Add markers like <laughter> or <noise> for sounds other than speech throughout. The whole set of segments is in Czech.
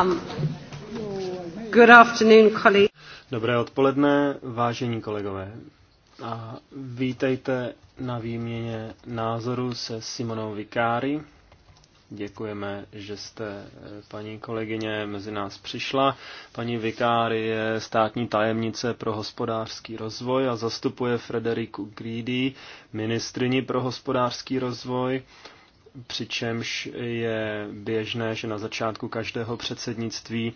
Um, Dobré odpoledne, vážení kolegové. A vítejte na výměně názoru se Simonou Vikári. Děkujeme, že jste, eh, paní kolegyně, mezi nás přišla. Paní Vikári je státní tajemnice pro hospodářský rozvoj a zastupuje Frederiku Greedy, ministrini pro hospodářský rozvoj přičemž je běžné, že na začátku každého předsednictví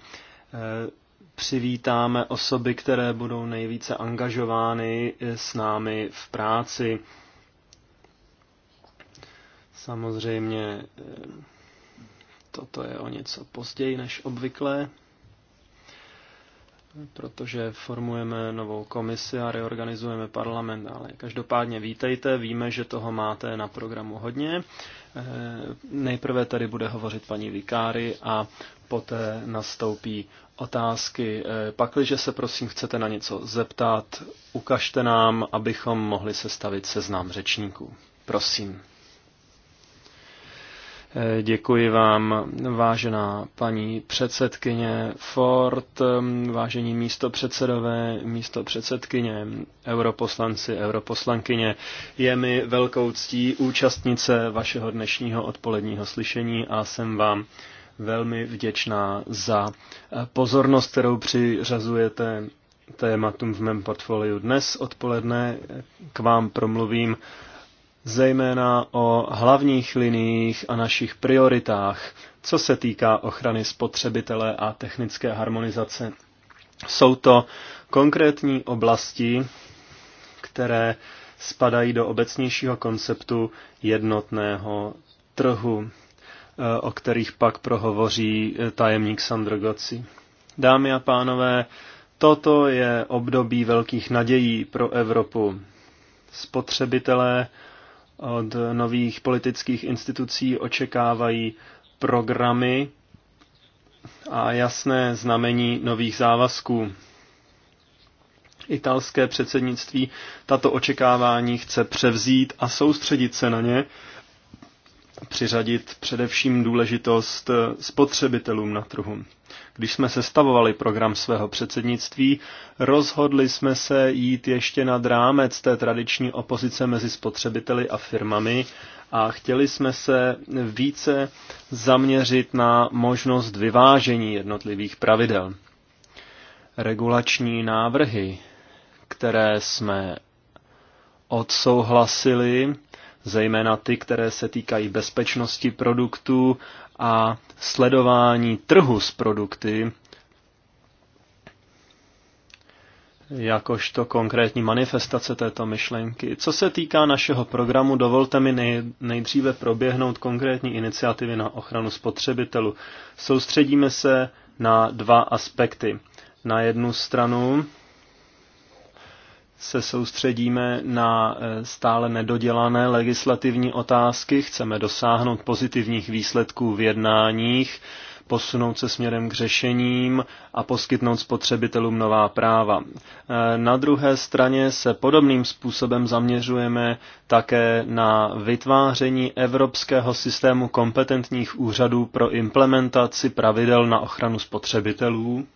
eh, přivítáme osoby, které budou nejvíce angažovány eh, s námi v práci. Samozřejmě eh, toto je o něco později než obvykle, protože formujeme novou komisi a reorganizujeme parlament, ale každopádně vítejte, víme, že toho máte na programu hodně Eh, nejprve tady bude hovořit paní Vikáry a poté nastoupí otázky. Eh, pakliže se prosím chcete na něco zeptat, ukažte nám, abychom mohli sestavit seznám řečníků. Prosím. Děkuji vám, vážená paní předsedkyně Ford, vážení předsedové, místo předsedkyně, europoslanci, europoslankyně. Je mi velkou ctí účastnice vašeho dnešního odpoledního slyšení a jsem vám velmi vděčná za pozornost, kterou přiřazujete tématům v mém portfoliu. Dnes odpoledne k vám promluvím zejména o hlavních liniích a našich prioritách, co se týká ochrany spotřebitele a technické harmonizace. Jsou to konkrétní oblasti, které spadají do obecnějšího konceptu jednotného trhu, e, o kterých pak prohovoří e, tajemník Sandro Goci. Dámy a pánové, toto je období velkých nadějí pro Evropu. Spotřebitelé od nových politických institucí očekávají programy a jasné znamení nových závazků. Italské předsednictví tato očekávání chce převzít a soustředit se na ně, přiřadit především důležitost eh, spotřebitelům na trhu. Když jsme sestavovali program svého předsednictví, rozhodli jsme se jít ještě nad rámec té tradiční opozice mezi spotřebiteli a firmami a chtěli jsme se více zaměřit na možnost vyvážení jednotlivých pravidel. Regulační návrhy, které jsme odsouhlasili, zejména ty, které se týkají bezpečnosti produktů a sledování trhu s produkty, jakožto konkrétní manifestace této myšlenky. Co se týká našeho programu, dovolte mi nejdříve proběhnout konkrétní iniciativy na ochranu spotřebitelů. Soustředíme se na dva aspekty. Na jednu stranu se soustředíme na e, stále nedodělané legislativní otázky, chceme dosáhnout pozitivních výsledků v jednáních, posunout se směrem k řešením a poskytnout spotřebitelům nová práva. E, na druhé straně se podobným způsobem zaměřujeme také na vytváření evropského systému kompetentních úřadů pro implementaci pravidel na ochranu spotřebitelů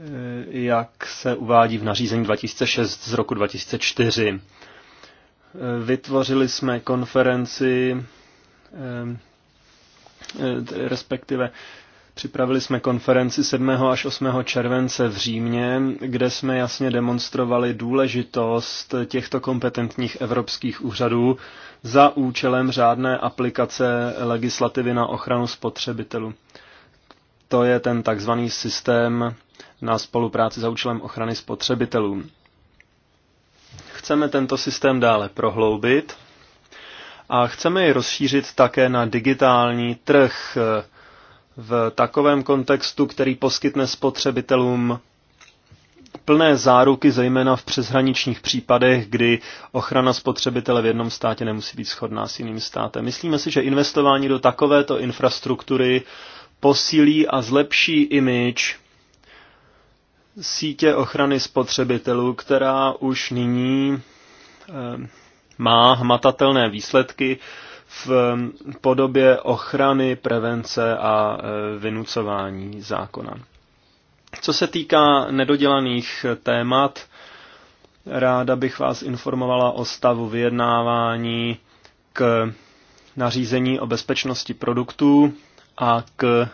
Eh, jak se uvádí v nařízení 2006 z roku 2004. Eh, vytvořili jsme konferenci, eh, respektive Připravili jsme konferenci 7. až 8. července v Římě, kde jsme jasně demonstrovali důležitost těchto kompetentních evropských úřadů za účelem řádné aplikace legislativy na ochranu spotřebitelů to je ten takzvaný systém na spolupráci za účelem ochrany spotřebitelů. Chceme tento systém dále prohloubit a chceme ji rozšířit také na digitální trh v takovém kontextu, který poskytne spotřebitelům plné záruky, zejména v přeshraničních případech, kdy ochrana spotřebitele v jednom státě nemusí být shodná s jiným státem. Myslíme si, že investování do takovéto infrastruktury posílí a zlepší imič sítě ochrany spotřebitelů, která už nyní eh, má hmatatelné výsledky v eh, podobě ochrany, prevence a eh, vynucování zákona. Co se týká nedodělaných témat, ráda bych vás informovala o stavu vyjednávání k nařízení o bezpečnosti produktů, a k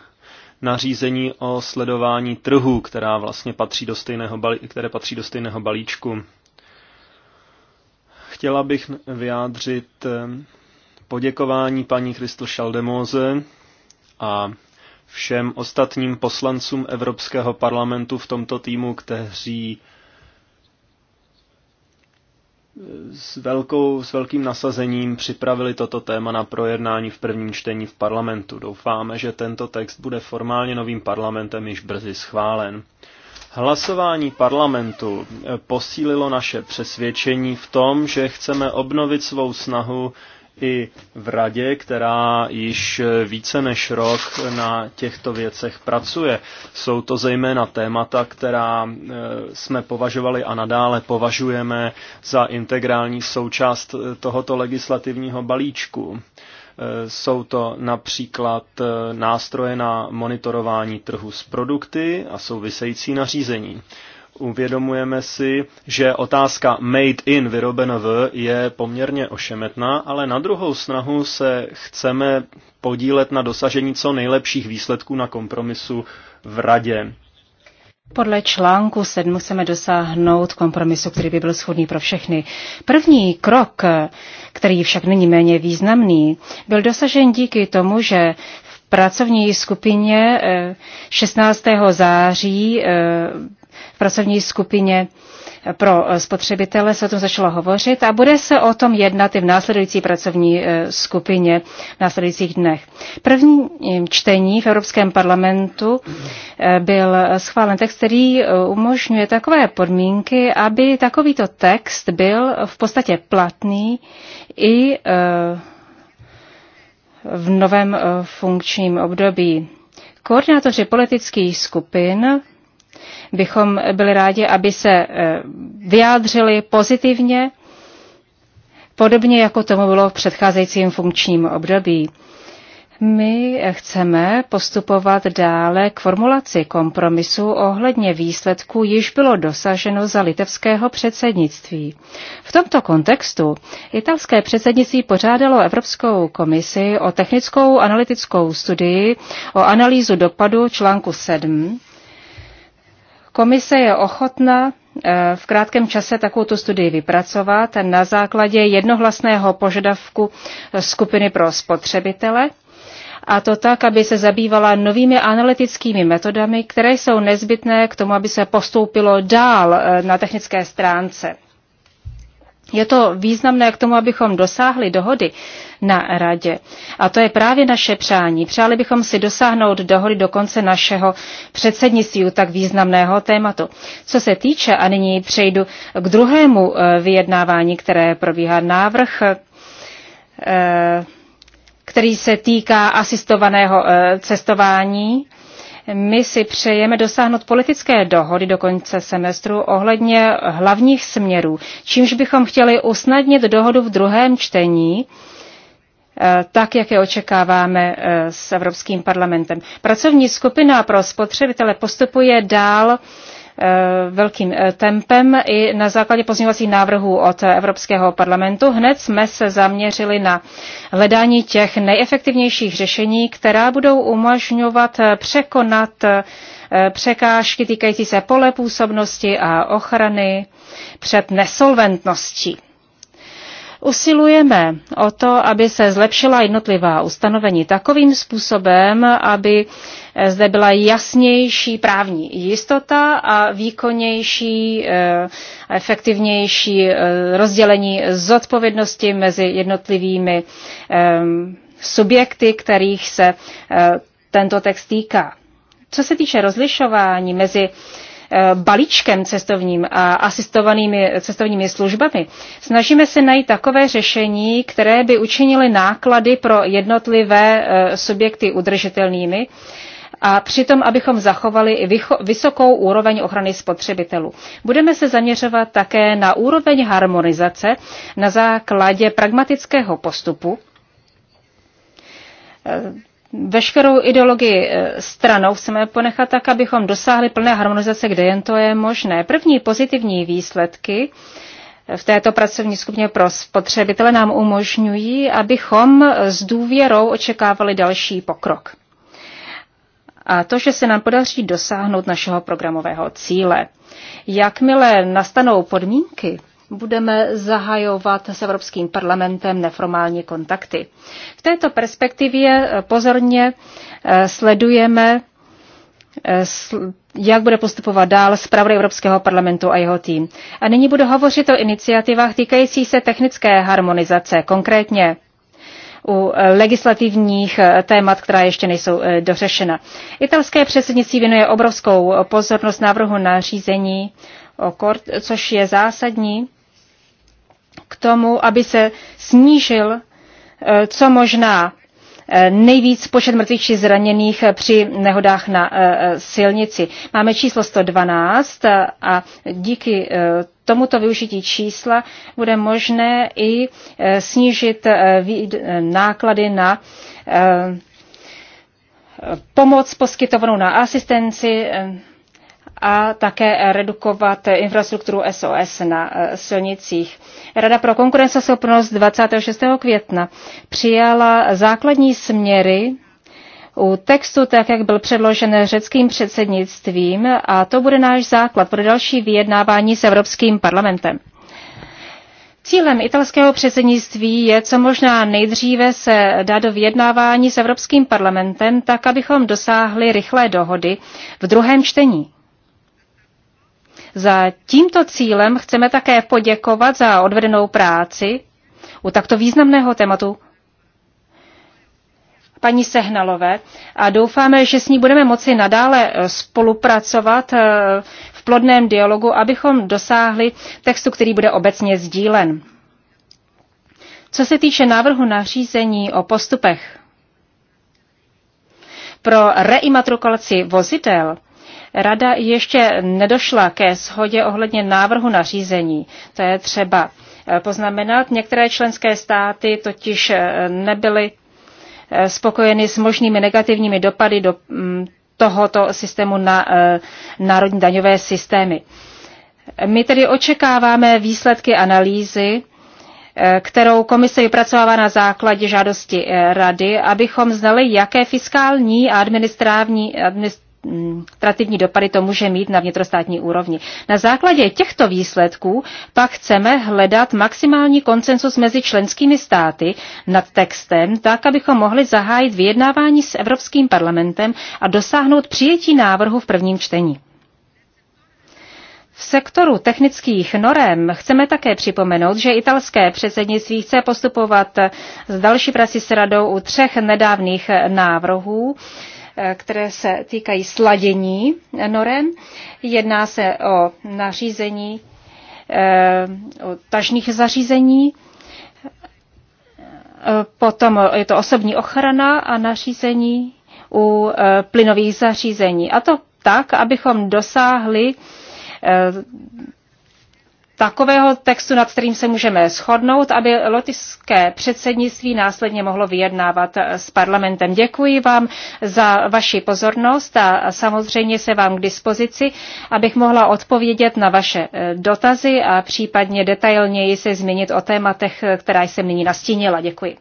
nařízení o sledování trhu, která vlastně patří do stejného balí, které patří do stejného balíčku. Chtěla bych vyjádřit eh, poděkování paní Kristel Šaldemóze a všem ostatním poslancům Evropského parlamentu v tomto týmu, kteří s, velkou, s velkým nasazením připravili toto téma na projednání v prvním čtení v parlamentu. Doufáme, že tento text bude formálně novým parlamentem již brzy schválen. Hlasování parlamentu eh, posílilo naše přesvědčení v tom, že chceme obnovit svou snahu i v radě, která již více než rok na těchto věcech pracuje. Jsou to zejména témata, která e, jsme považovali a nadále považujeme za integrální součást e, tohoto legislativního balíčku. E, jsou to například nástroje na monitorování trhu s produkty a související nařízení. Uvědomujeme si, že otázka made in, vyrobeno v, je poměrně ošemetná, ale na druhou snahu se chceme podílet na dosažení co nejlepších výsledků na kompromisu v radě. Podle článku 7 musíme dosáhnout kompromisu, který by byl schodný pro všechny. První krok, který však není méně významný, byl dosažen díky tomu, že v pracovní skupině 16. Eh, září eh, v pracovní skupině pro eh, spotřebitele se o tom začalo hovořit a bude se o tom jednat i v následující pracovní eh, skupině v následujících dnech. První hm, čtení v Evropském parlamentu eh, byl schválen text, který umožňuje takové podmínky, aby takovýto text byl v podstatě platný i v novém funkčním období. Koordinátoři politických skupin bychom byli rádi, aby se eh, vyjádřili pozitivně, podobně jako tomu bylo v předcházejícím funkčním období. My chceme postupovat dále k formulaci kompromisu ohledně výsledků již bylo dosaženo za litevského předsednictví. V tomto kontextu italské předsednictví pořádalo Evropskou komisi o technickou analytickou studii o analýzu dopadu článku 7 Komise je ochotna eh, v krátkém čase takovou tu studii vypracovat na základě jednohlasného požadavku eh, skupiny pro spotřebitele, a to tak, aby se zabývala novými analytickými metodami, které jsou nezbytné k tomu, aby se postoupilo dál eh, na technické stránce. Je to významné k tomu, abychom dosáhli dohody na radě. A to je právě naše přání. Přáli bychom si dosáhnout dohody do konce našeho předsednictví u tak významného tématu. Co se týče, a nyní přejdu k druhému eh, vyjednávání, které probíhá návrh, eh, který se týká asistovaného eh, cestování my si přejeme dosáhnout politické dohody do konce semestru ohledně hlavních směrů, čímž bychom chtěli usnadnit dohodu v druhém čtení, eh, tak, jak je očekáváme eh, s Evropským parlamentem. Pracovní skupina pro spotřebitele postupuje dál Eh, velkým eh, tempem i na základě pozměňovacích návrhů od Evropského parlamentu. Hned jsme se zaměřili na hledání těch nejefektivnějších řešení, která budou umožňovat eh, překonat překážky týkající se pole působnosti a ochrany před nesolventností. Usilujeme o to, aby se zlepšila jednotlivá ustanovení takovým způsobem, aby eh, zde byla jasnější právní jistota a výkonnější eh, a efektivnější eh, rozdělení zodpovědnosti mezi jednotlivými ehm, subjekty, kterých se tento text týká. Co se týče rozlišování mezi Eh, balíčkem cestovním a asistovanými cestovními službami. Snažíme se najít takové řešení, které by učinily náklady pro jednotlivé eh, subjekty udržitelnými a přitom, abychom zachovali i vysokou úroveň ochrany spotřebitelů. Budeme se zaměřovat také na úroveň harmonizace na základě pragmatického postupu eh, veškerou ideologii eh, stranou chceme ponechat tak, abychom dosáhli plné harmonizace, kde jen to je možné. První pozitivní výsledky eh, v této pracovní skupině pro spotřebitele nám umožňují, abychom s důvěrou očekávali další pokrok. A to, že se nám podaří dosáhnout našeho programového cíle. Jakmile nastanou podmínky, budeme zahajovat s Evropským parlamentem neformální kontakty. V této perspektivě eh, pozorně eh, sledujeme, eh, jak bude postupovat dál zpravodaj Evropského parlamentu a jeho tým. A nyní budu hovořit o iniciativách týkající se technické harmonizace, konkrétně u legislativních témat, která ještě nejsou dořešena. Italské předsednictví věnuje obrovskou pozornost návrhu na řízení o KORT, což je zásadní k tomu, aby se snížil eh, co možná eh, nejvíc počet mrtvých či zraněných eh, při nehodách na silnici. Máme číslo 112 a díky tomuto využití čísla bude možné i snížit náklady na pomoc poskytovanou na asistenci, a také redukovat infrastrukturu SOS na eh, silnicích. Rada pro konkurenceschopnost 26. května přijala základní směry u textu, tak jak byl předložen řeckým předsednictvím, a to bude náš základ pro další vyjednávání s Evropským parlamentem. Cílem italského předsednictví je co možná nejdříve se dá do vyjednávání s Evropským parlamentem, tak abychom dosáhli rychlé dohody v druhém čtení. Za tímto cílem chceme také poděkovat za odvedenou práci u takto významného tématu paní Sehnalové a doufáme, že s ní budeme moci nadále eh, spolupracovat eh, v plodném dialogu, abychom dosáhli textu, který bude obecně sdílen. Co se týče návrhu nařízení o postupech pro reimatrukulaci vozidel, Rada ještě nedošla ke shodě ohledně návrhu nařízení. To je třeba eh, poznamenat. Některé členské státy totiž eh, nebyly eh, spokojeny s možnými negativními dopady do mm, tohoto systému na národní daňové systémy. My tedy očekáváme výsledky analýzy, kterou komise vypracovává na základě žádosti rady, abychom znali, jaké fiskální a administrativní, administrativní mm, dopady to může mít na vnitrostátní úrovni. Na základě těchto výsledků pak chceme hledat maximální koncensus mezi členskými státy nad textem, tak, abychom mohli zahájit vyjednávání s Evropským parlamentem a dosáhnout přijetí návrhu v prvním čtení. V sektoru technických norem chceme také připomenout, že italské předsednictví chce postupovat s další prací s radou u třech nedávných návrhů Eh, které se týkají sladění norem. Jedná se o nařízení, eh, o tažných zařízení, eh, potom je to osobní ochrana a nařízení u plynových zařízení. A to tak, abychom dosáhli takového textu, nad kterým se můžeme shodnout, aby lotyšské předsednictví následně mohlo vyjednávat s parlamentem. Děkuji vám za vaši pozornost a samozřejmě se vám k dispozici, abych mohla odpovědět na vaše eh, dotazy a případně detailněji se změnit o tématech, eh, která jsem nyní nastínila. Děkuji.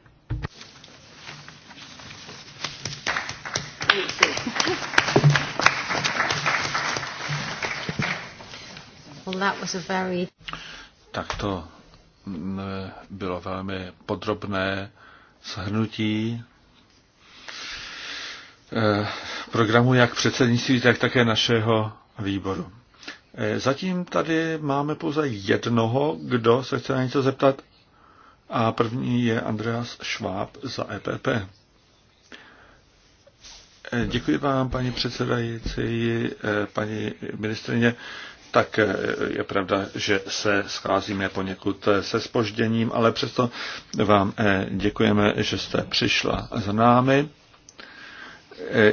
Well, that was a very... Tak to mm, bylo velmi podrobné shrnutí eh, programu jak předsednictví, tak také našeho výboru. Eh, zatím tady máme pouze jednoho, kdo se chce na něco zeptat. A první je Andreas Schwab za EPP. Eh, děkuji vám, paní předsedající, paní ministrině tak eh, je pravda, že se scházíme poněkud eh, se spožděním, ale přesto vám eh, děkujeme, že jste přišla za námi.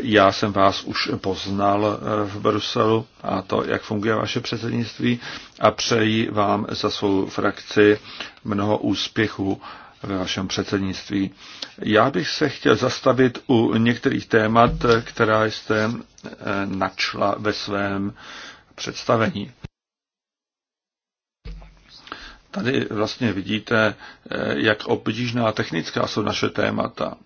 Já jsem vás už poznal v Bruselu a to, jak funguje vaše předsednictví a přeji vám za svou frakci mnoho úspěchů ve vašem předsednictví. Já bych se chtěl zastavit u některých témat, která jste načla ve svém představení. Tady vlastně vidíte, eh, jak obtížná technická jsou naše témata.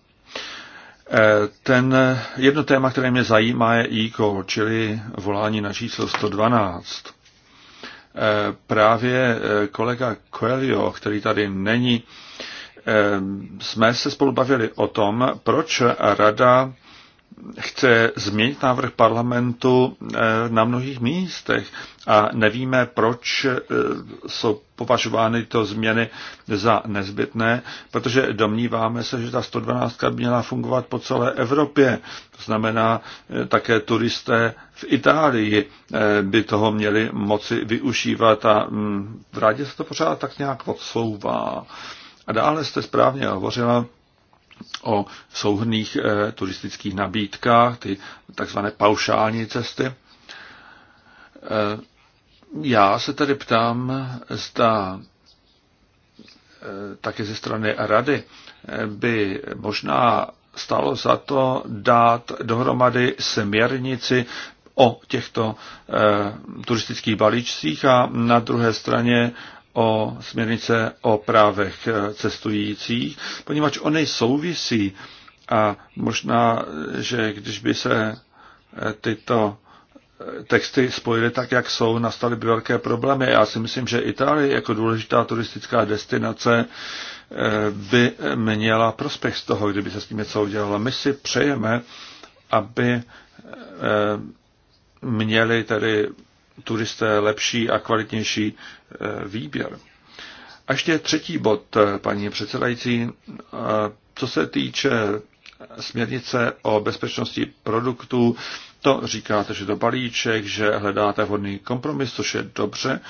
Eh, ten jedno téma, které mě zajímá, je e-call, čili volání na číslo 112. Eh, právě kolega Coelho, který tady není, jsme se spolu bavili o tom, proč rada chce změnit návrh parlamentu eh, na mnohých místech a nevíme, proč eh, jsou považovány to změny za nezbytné, protože domníváme se, že ta 112 by měla fungovat po celé Evropě. To znamená, eh, také turisté v Itálii by toho měli moci využívat a mm, v rádě se to pořád tak nějak odsouvá. A dále jste správně hovořila o souhrných eh, turistických nabídkách, ty takzvané paušální cesty. Eh, já se tedy ptám, zda eh, také ze strany rady by možná stalo za to dát dohromady směrnici o těchto e, turistických balíčcích a na druhé straně o směrnice o právech cestujících, poněvadž ony souvisí a možná, že když by se eh, tyto eh, texty spojily tak, jak jsou, nastaly by velké problémy. Já si myslím, že Itálie jako důležitá turistická destinace eh, by měla prospěch z toho, kdyby se s tím něco udělalo. My si přejeme, aby měli tedy turisté lepší a kvalitnější e, výběr. A ještě třetí bod, e, paní předsedající, e, co se týče směrnice o bezpečnosti produktů, to říkáte, že to balíček, že hledáte vhodný kompromis, což je dobře,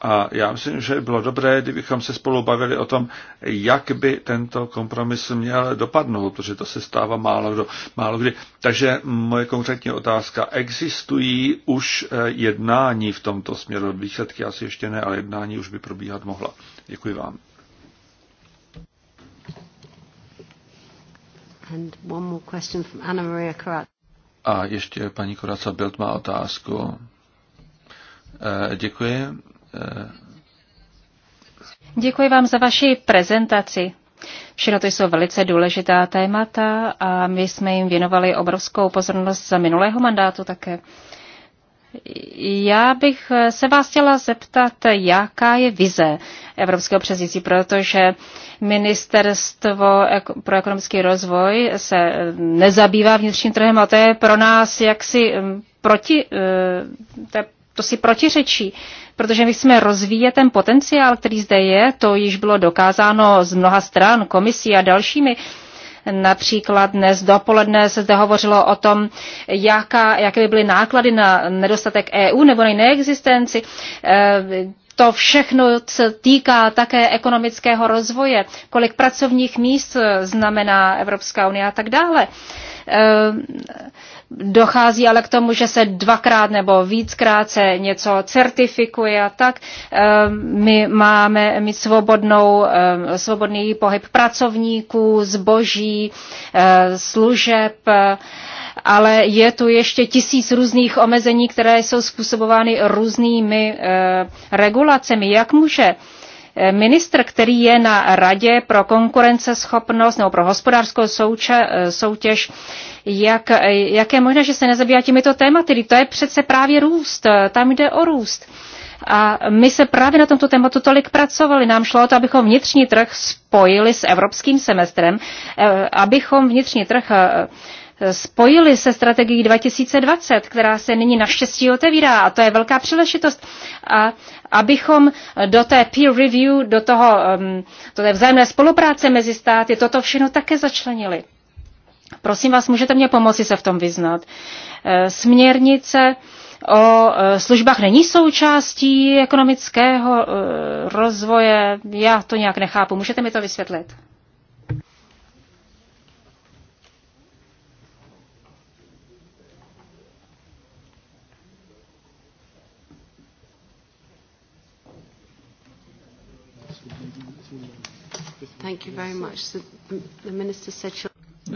a já myslím, že bylo dobré, kdybychom se spolu bavili o tom, jak by tento kompromis měl dopadnout, protože to se stává málo, kdo, málo kdy. Takže moje konkrétní otázka, existují už eh, jednání v tomto směru? Výsledky asi ještě ne, ale jednání už by probíhat mohla. Děkuji vám. And one more question from Anna Maria A ještě paní Koraca Bild má otázku. Eh, děkuji. Děkuji vám za vaši prezentaci. Všechno to jsou velice důležitá témata a my jsme jim věnovali obrovskou pozornost za minulého mandátu také. Já bych se vás chtěla zeptat, jaká je vize Evropského přezdící, protože Ministerstvo pro ekonomický rozvoj se eh, nezabývá vnitřním trhem a to je pro nás jaksi hm, proti, eh, to si protiřečí protože my jsme rozvíjet ten potenciál, který zde je, to již bylo dokázáno z mnoha stran, komisí a dalšími, Například dnes dopoledne se zde hovořilo o tom, jaká, jaké by byly náklady na nedostatek EU nebo na neexistenci. E, to všechno se týká také ekonomického rozvoje, kolik pracovních míst znamená Evropská unie a tak dále. E, dochází ale k tomu, že se dvakrát nebo víckrát se něco certifikuje a tak. Ehm, my máme mít svobodnou, ehm, svobodný pohyb pracovníků, zboží, eh, služeb, eh, ale je tu ještě tisíc různých omezení, které jsou způsobovány různými eh, regulacemi. Jak může Ministr, který je na Radě pro konkurenceschopnost nebo pro hospodářskou soutěž, jak, jak je možné, že se nezabývá těmito tématy? To je přece právě růst, tam jde o růst. A my se právě na tomto tématu tolik pracovali. Nám šlo o to, abychom vnitřní trh spojili s evropským semestrem, eh, abychom vnitřní trh eh, spojili se strategií 2020, která se nyní naštěstí otevírá a to je velká příležitost. A abychom do té peer review, do, toho, um, do té vzájemné spolupráce mezi státy toto všechno také začlenili. Prosím vás, můžete mě pomoci se v tom vyznat. E, směrnice o e, službách není součástí ekonomického e, rozvoje. Já to nějak nechápu. Můžete mi to vysvětlit?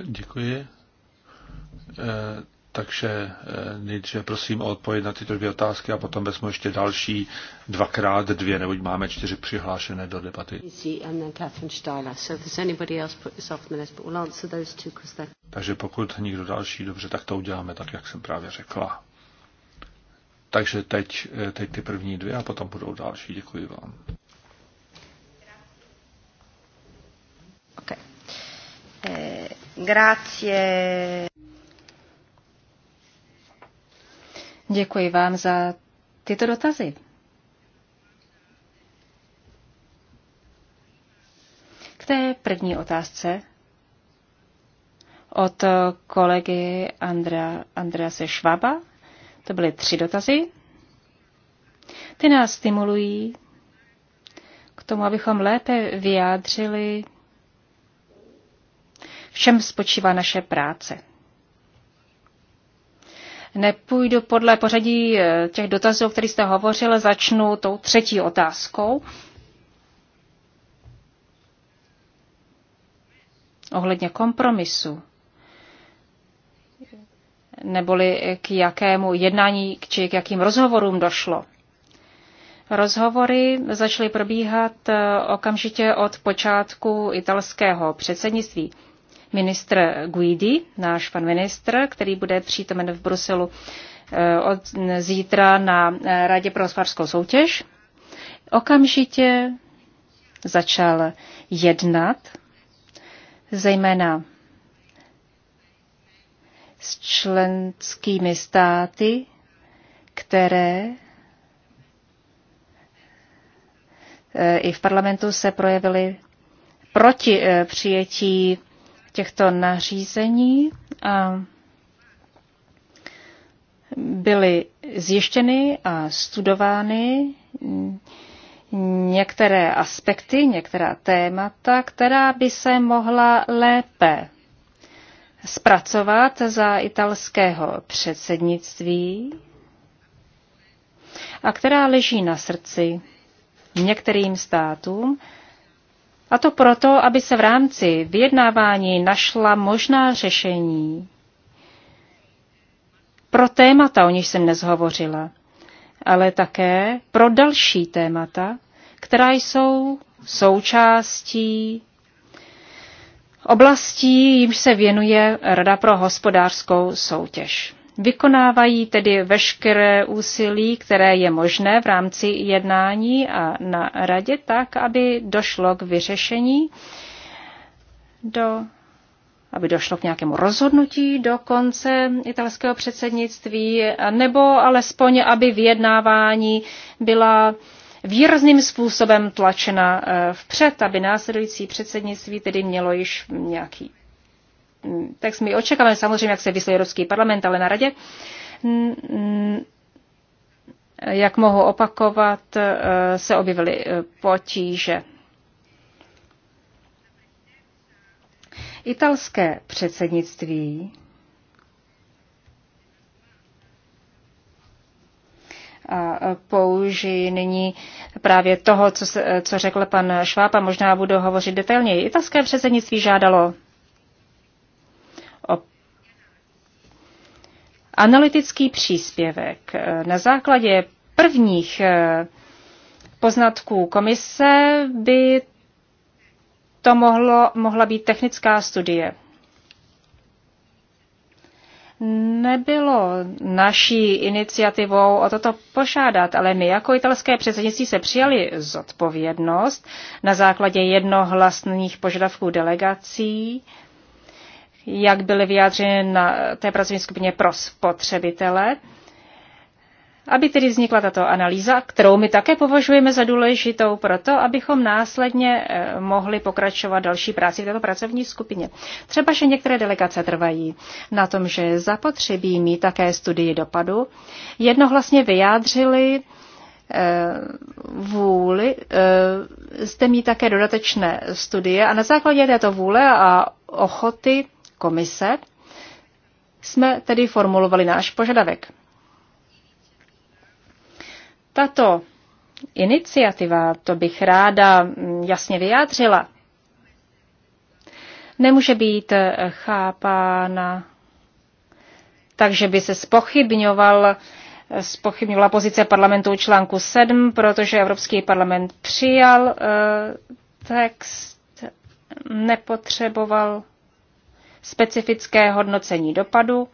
Děkuji. Eh, takže eh, nejdříve prosím o odpověď na tyto dvě otázky a potom vezmu ještě další dvakrát dvě, neboť máme čtyři přihlášené do debaty. Takže pokud nikdo další, dobře, tak to uděláme tak, jak jsem právě řekla. Takže teď, eh, teď ty první dvě a potom budou další. Děkuji vám. Ok. Eh, grazie. Děkuji vám za tyto dotazy. K té první otázce od kolegy Andrea Andrease Švaba. To byly tři dotazy. Ty nás stimulují k tomu, abychom lépe vyjádřili všem spočívá naše práce. Nepůjdu podle pořadí eh, těch dotazů, o kterých jste hovořil, začnu tou třetí otázkou. Ohledně kompromisu neboli k jakému jednání či k jakým rozhovorům došlo. Rozhovory začaly probíhat eh, okamžitě od počátku italského předsednictví ministr Guidi, náš pan ministr, který bude přítomen v Bruselu eh, od zítra na eh, Radě pro hospodářskou soutěž. Okamžitě začal jednat, zejména s členskými státy, které eh, i v parlamentu se projevily proti přijetí těchto nařízení a byly zjištěny a studovány některé aspekty, některá témata, která by se mohla lépe zpracovat za italského předsednictví a která leží na srdci některým státům, a to proto, aby se v rámci vyjednávání našla možná řešení pro témata, o níž jsem dnes hovořila, ale také pro další témata, která jsou součástí oblastí, jimž se věnuje Rada pro hospodářskou soutěž. Vykonávají tedy veškeré úsilí, které je možné v rámci jednání a na radě, tak, aby došlo k vyřešení, do, aby došlo k nějakému rozhodnutí do konce italského předsednictví, nebo alespoň, aby vyjednávání byla výrazným způsobem tlačena eh, vpřed, aby následující předsednictví tedy mělo již nějaký text. My očekáváme samozřejmě, jak se vyslí Evropský parlament, ale na radě. Jak mohu opakovat, eh, se objevily eh, potíže. Italské předsednictví a eh, použijí nyní právě toho, co, se, co řekl pan Šváb a možná budu hovořit detailněji. Italské předsednictví žádalo analytický příspěvek. Na základě prvních eh, poznatků komise by to mohlo, mohla být technická studie. Nebylo naší iniciativou o toto požádat, ale my jako italské předsednictví se přijali zodpovědnost na základě jednohlasných požadavků delegací jak byly vyjádřeny na té pracovní skupině pro spotřebitele, aby tedy vznikla tato analýza, kterou my také považujeme za důležitou proto, abychom následně eh, mohli pokračovat další práci v této pracovní skupině. Třeba, že některé delegace trvají na tom, že zapotřebí mít také studii dopadu, jednohlasně vyjádřili eh, vůli, jste eh, mít také dodatečné studie a na základě této vůle a ochoty komise jsme tedy formulovali náš požadavek. Tato iniciativa, to bych ráda mm, jasně vyjádřila, nemůže být eh, chápána že by se spochybňoval eh, spochybnila pozice parlamentu článku 7, protože Evropský parlament přijal eh, text, nepotřeboval specifické hodnocení dopadu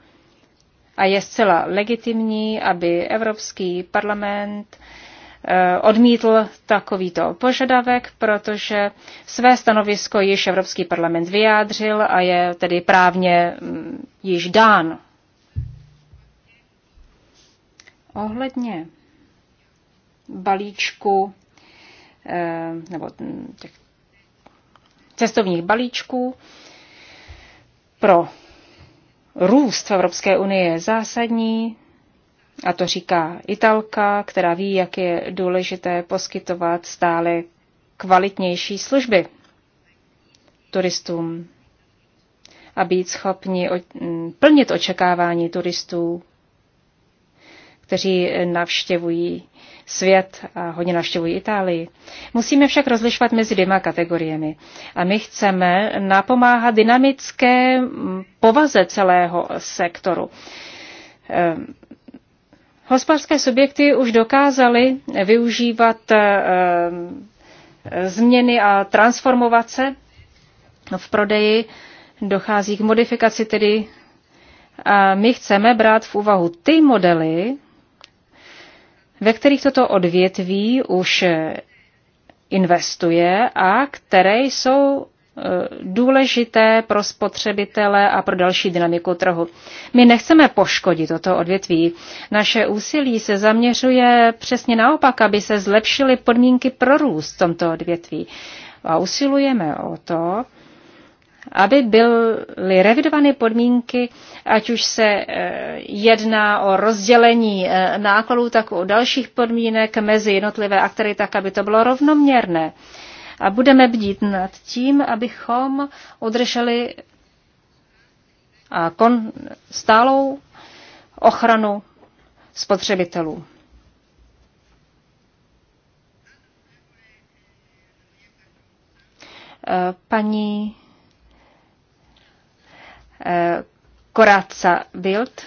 a je zcela legitimní, aby Evropský parlament eh, odmítl takovýto požadavek, protože své stanovisko již Evropský parlament vyjádřil a je tedy právně mm, již dán. Ohledně balíčku eh, nebo těch cestovních balíčků, pro růst v Evropské unii je zásadní, a to říká Italka, která ví, jak je důležité poskytovat stále kvalitnější služby turistům a být schopni plnit očekávání turistů kteří navštěvují svět a hodně navštěvují Itálii. Musíme však rozlišovat mezi dvěma kategoriemi. A my chceme napomáhat dynamické povaze celého sektoru. Ehm, hospodářské subjekty už dokázaly využívat ehm, změny a transformovat se v prodeji. Dochází k modifikaci tedy. A my chceme brát v úvahu ty modely, ve kterých toto odvětví už eh, investuje a které jsou eh, důležité pro spotřebitele a pro další dynamiku trhu. My nechceme poškodit toto odvětví. Naše úsilí se zaměřuje přesně naopak, aby se zlepšily podmínky pro růst v tomto odvětví. A usilujeme o to, aby byly revidovány podmínky, ať už se eh, jedná o rozdělení eh, nákladů, tak o dalších podmínek mezi jednotlivé aktory, tak aby to bylo rovnoměrné. A budeme bdít nad tím, abychom udrželi stálou ochranu spotřebitelů. Eh, paní Koráca Bild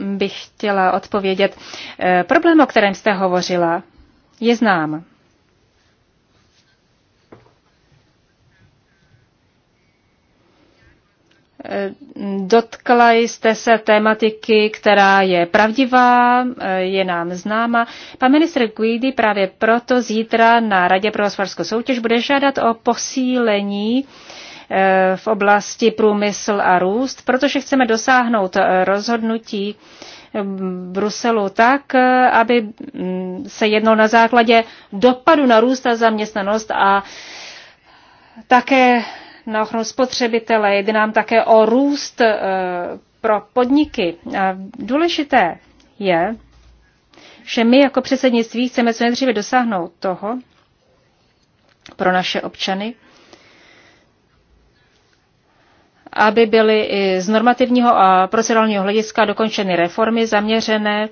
bych chtěla odpovědět. Eh, problém, o kterém jste hovořila, je znám. Dotkla jste se tématiky, která je pravdivá, je nám známa. Pan ministr Guidi právě proto zítra na Radě pro hospodářskou soutěž bude žádat o posílení eh, v oblasti průmysl a růst, protože chceme dosáhnout rozhodnutí Bruselu tak, aby se jednalo na základě dopadu na růst a zaměstnanost a také na ochranu spotřebitele, jde nám také o růst eh, pro podniky. A důležité je, že my jako předsednictví chceme co nejdříve dosáhnout toho pro naše občany, aby byly i z normativního a procedurálního hlediska dokončeny reformy zaměřené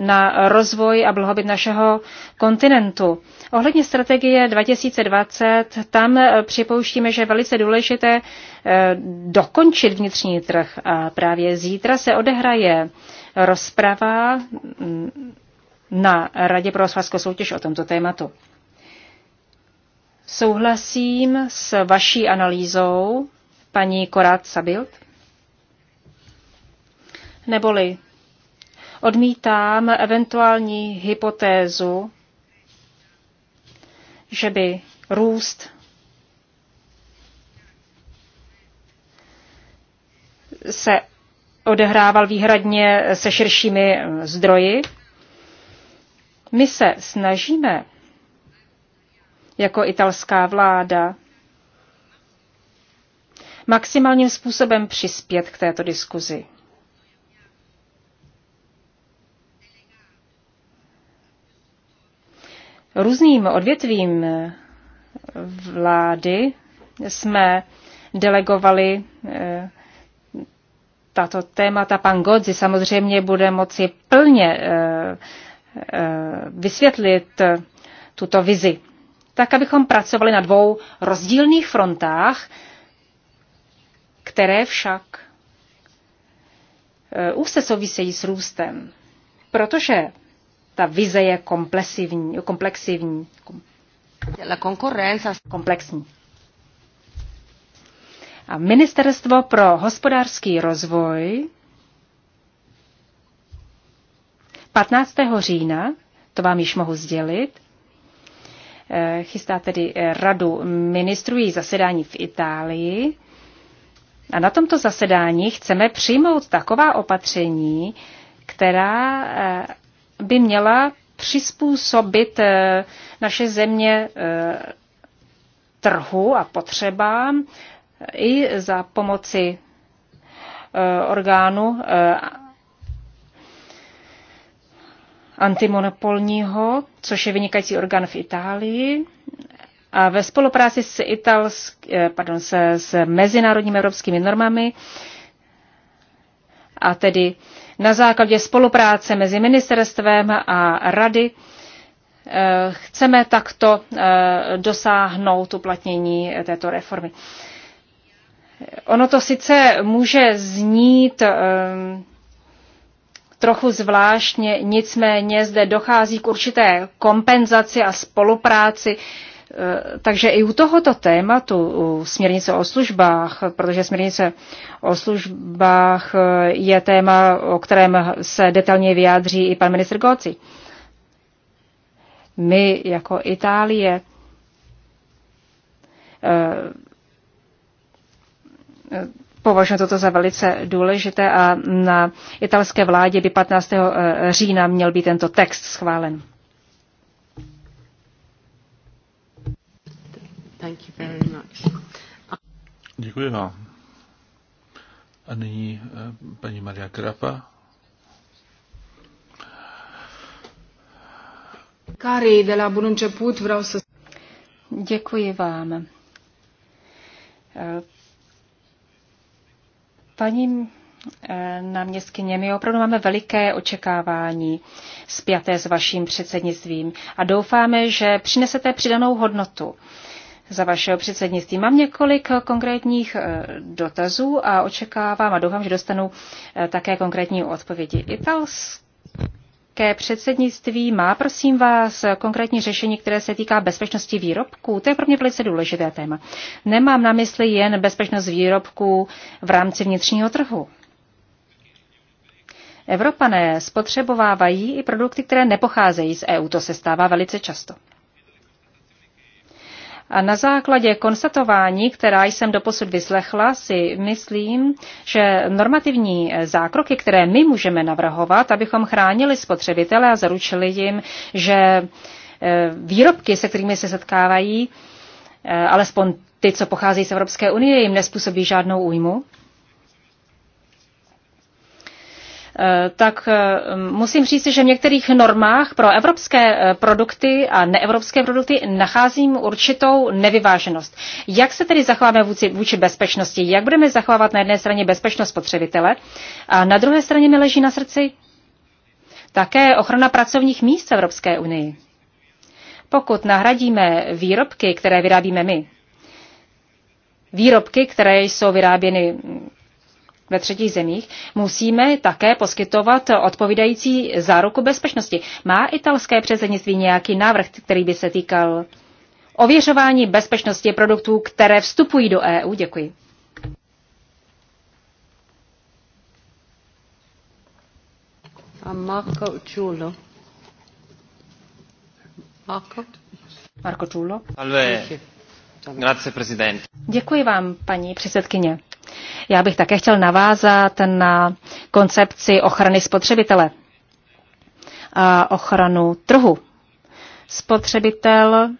na rozvoj a blahobyt našeho kontinentu. Ohledně strategie 2020, tam eh, připouštíme, že je velice důležité eh, dokončit vnitřní trh a právě zítra se odehraje rozprava mm, na Radě pro svazkou soutěž o tomto tématu. Souhlasím s vaší analýzou, paní Korát Sabilt, neboli Odmítám eventuální hypotézu, že by růst se odehrával výhradně se širšími zdroji. My se snažíme jako italská vláda maximálním způsobem přispět k této diskuzi. různým odvětvím vlády jsme delegovali eh, tato témata. Pan Godzi samozřejmě bude moci plně eh, eh, vysvětlit tuto vizi. Tak, abychom pracovali na dvou rozdílných frontách, které však úzce souvisejí s růstem. Protože ta vize je komplexivní, komplexivní, komplexní. A Ministerstvo pro hospodářský rozvoj 15. října, to vám již mohu sdělit, eh, chystá tedy eh, radu ministrů její zasedání v Itálii. A na tomto zasedání chceme přijmout taková opatření, která eh, by měla přizpůsobit eh, naše země eh, trhu a potřebám eh, i za pomoci orgánu antimonopolního, což je vynikající orgán v Itálii. A ve spolupráci s, italsk, pardon, se, s mezinárodními evropskými normami a tedy na základě spolupráce mezi ministerstvem a rady eh, chceme takto eh, dosáhnout uplatnění této reformy. Ono to sice může znít eh, trochu zvláštně, nicméně zde dochází k určité kompenzaci a spolupráci Eh, takže i u tohoto tématu, u směrnice o službách, protože směrnice o službách eh, je téma, o kterém se detailně vyjádří i pan ministr Goci. My jako Itálie eh, považujeme toto za velice důležité a na italské vládě by 15. října měl být tento text schválen. Thank you very much. Děkuji vám. A nyní eh, paní Maria Krapa. Care de la bun început vreau să... Děkuji vám. Eh, paní eh, náměstkyně, my opravdu máme veliké očekávání spjaté s vaším předsednictvím a doufáme, že přinesete přidanou hodnotu za vašeho předsednictví. Mám několik eh, konkrétních eh, dotazů a očekávám a doufám, že dostanu eh, také konkrétní odpovědi. Italské předsednictví má, prosím vás, konkrétní řešení, které se týká bezpečnosti výrobků. To je pro mě velice důležité téma. Nemám na mysli jen bezpečnost výrobků v rámci vnitřního trhu. Evropané spotřebovávají i produkty, které nepocházejí z EU. To se stává velice často. A na základě konstatování, která jsem doposud vyslechla, si myslím, že normativní eh, zákroky, které my můžeme navrhovat, abychom chránili spotřebitele a zaručili jim, že eh, výrobky, se kterými se setkávají, eh, alespoň ty, co pocházejí z Evropské unie, jim nespůsobí žádnou újmu, tak eh, musím říct, že v některých normách pro evropské eh, produkty a neevropské produkty nacházím určitou nevyváženost. Jak se tedy zachováme vůči, vůči bezpečnosti? Jak budeme zachovávat na jedné straně bezpečnost spotřebitele a na druhé straně mi leží na srdci také ochrana pracovních míst v Evropské unii. Pokud nahradíme výrobky, které vyrábíme my, výrobky, které jsou vyráběny ve třetích zemích, musíme také poskytovat odpovídající záruku bezpečnosti. Má italské předsednictví nějaký návrh, který by se týkal ověřování bezpečnosti produktů, které vstupují do EU? Děkuji. A Marco Ciulo. Marco? Marco Ciulo. Salve. Grazie, Presidente. Děkuji vám, paní předsedkyně. Já bych také chtěl navázat na koncepci ochrany spotřebitele a ochranu trhu. Spotřebitel,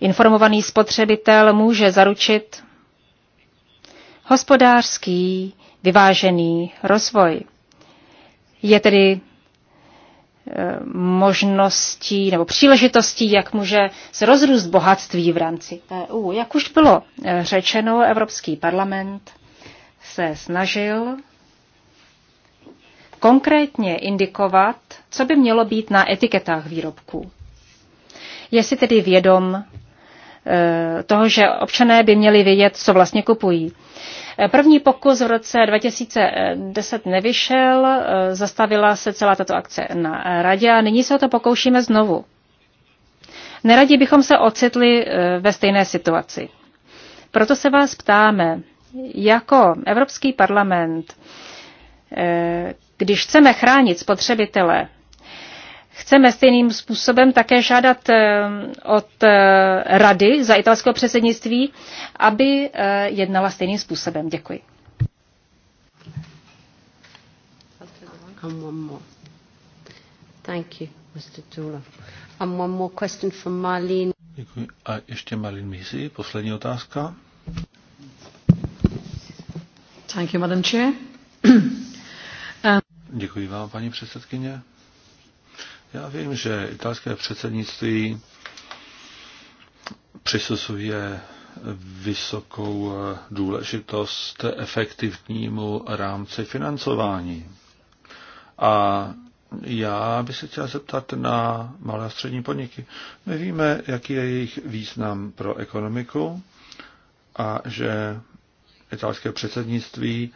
informovaný spotřebitel může zaručit hospodářský vyvážený rozvoj. Je tedy eh, možností nebo příležitostí, jak může se rozrůst bohatství v rámci EU. Jak už bylo eh, řečeno, Evropský parlament se snažil konkrétně indikovat, co by mělo být na etiketách výrobků. Je si tedy vědom e, toho, že občané by měli vědět, co vlastně kupují. E, první pokus v roce 2010 nevyšel, e, zastavila se celá tato akce na radě a nyní se o to pokoušíme znovu. Neradi bychom se ocitli ve stejné situaci. Proto se vás ptáme, jako Evropský parlament, eh, když chceme chránit spotřebitele, chceme stejným způsobem také žádat eh, od eh, Rady za italského předsednictví, aby jednala stejným způsobem. Děkuji. Thank you, Mr. Tula. And one more question from Děkuji. A ještě Marlene Misi, poslední otázka. Thank you, Madam Chair. <clears throat> Um, Děkuji vám, paní předsedkyně. Já vím, že italské předsednictví přisuzuje vysokou důležitost efektivnímu rámci financování. A já bych se chtěl zeptat na malé a střední podniky. My víme, jaký je jejich význam pro ekonomiku a že italské předsednictví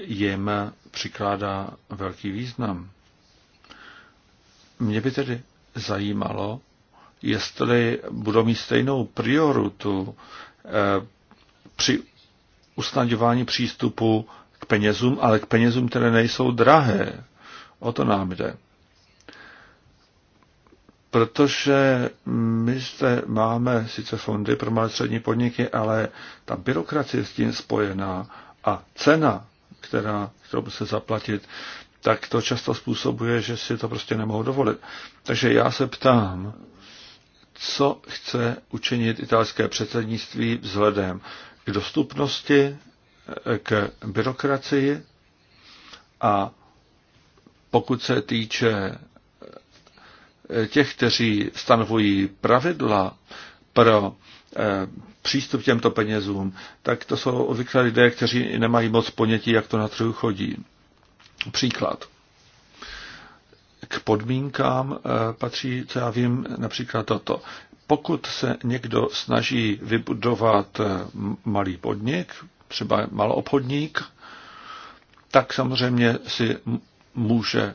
jim přikládá velký význam. Mě by tedy zajímalo, jestli budou mít stejnou prioritu eh, při usnadňování přístupu k penězům, ale k penězům, které nejsou drahé. O to nám jde protože my zde máme sice fondy pro malé střední podniky, ale ta byrokracie s tím spojená a cena, která, kterou by se zaplatit, tak to často způsobuje, že si to prostě nemohou dovolit. Takže já se ptám, co chce učinit italské předsednictví vzhledem k dostupnosti, k byrokracii a pokud se týče těch, kteří stanovují pravidla pro eh, přístup k těmto penězům, tak to jsou obvykle lidé, kteří nemají moc ponětí, jak to na trhu chodí. Příklad. K podmínkám eh, patří, co já vím, například toto. Pokud se někdo snaží vybudovat eh, malý podnik, třeba maloobchodník, tak samozřejmě si může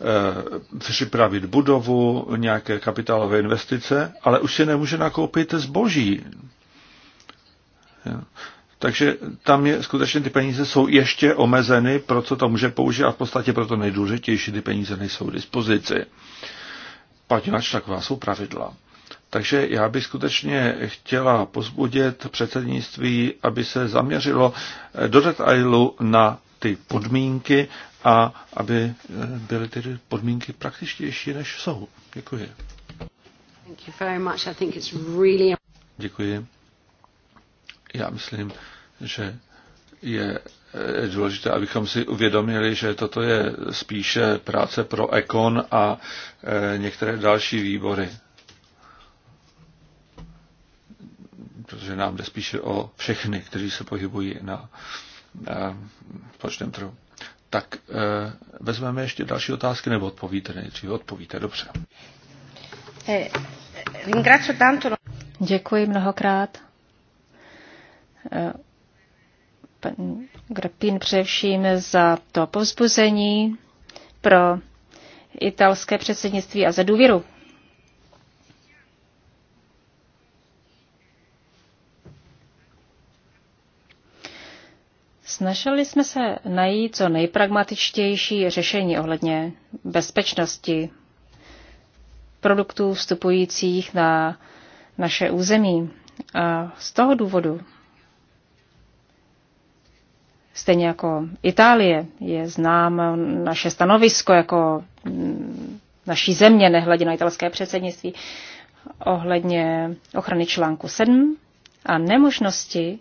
Eh, připravit budovu, nějaké kapitálové investice, ale už si nemůže nakoupit zboží. Takže tam je skutečně ty peníze jsou ještě omezeny, pro co to může použít a v podstatě proto nejdůležitější ty peníze nejsou k dispozici. Paťnač taková jsou pravidla. Takže já bych skutečně chtěla pozbudit předsednictví, aby se zaměřilo do detailu na ty podmínky a aby eh, byly tedy podmínky praktičtější, než jsou. Děkuji. Děkuji. Já myslím, že je eh, důležité, abychom si uvědomili, že toto je spíše práce pro Ekon a eh, některé další výbory. Protože nám jde spíše o všechny, kteří se pohybují na, na počtem trhu. Tak eh, vezmeme ještě další otázky, nebo odpovíte nejdříve? Odpovíte, dobře. Eh, Děkuji mnohokrát. Eh, pan Grapin především za to povzbuzení pro italské předsednictví a za důvěru, Snažili jsme se najít co nejpragmatičtější řešení ohledně bezpečnosti produktů vstupujících na naše území. A z toho důvodu, stejně jako Itálie, je znám naše stanovisko jako naší země, nehledě na italské předsednictví, ohledně ochrany článku 7 a nemožnosti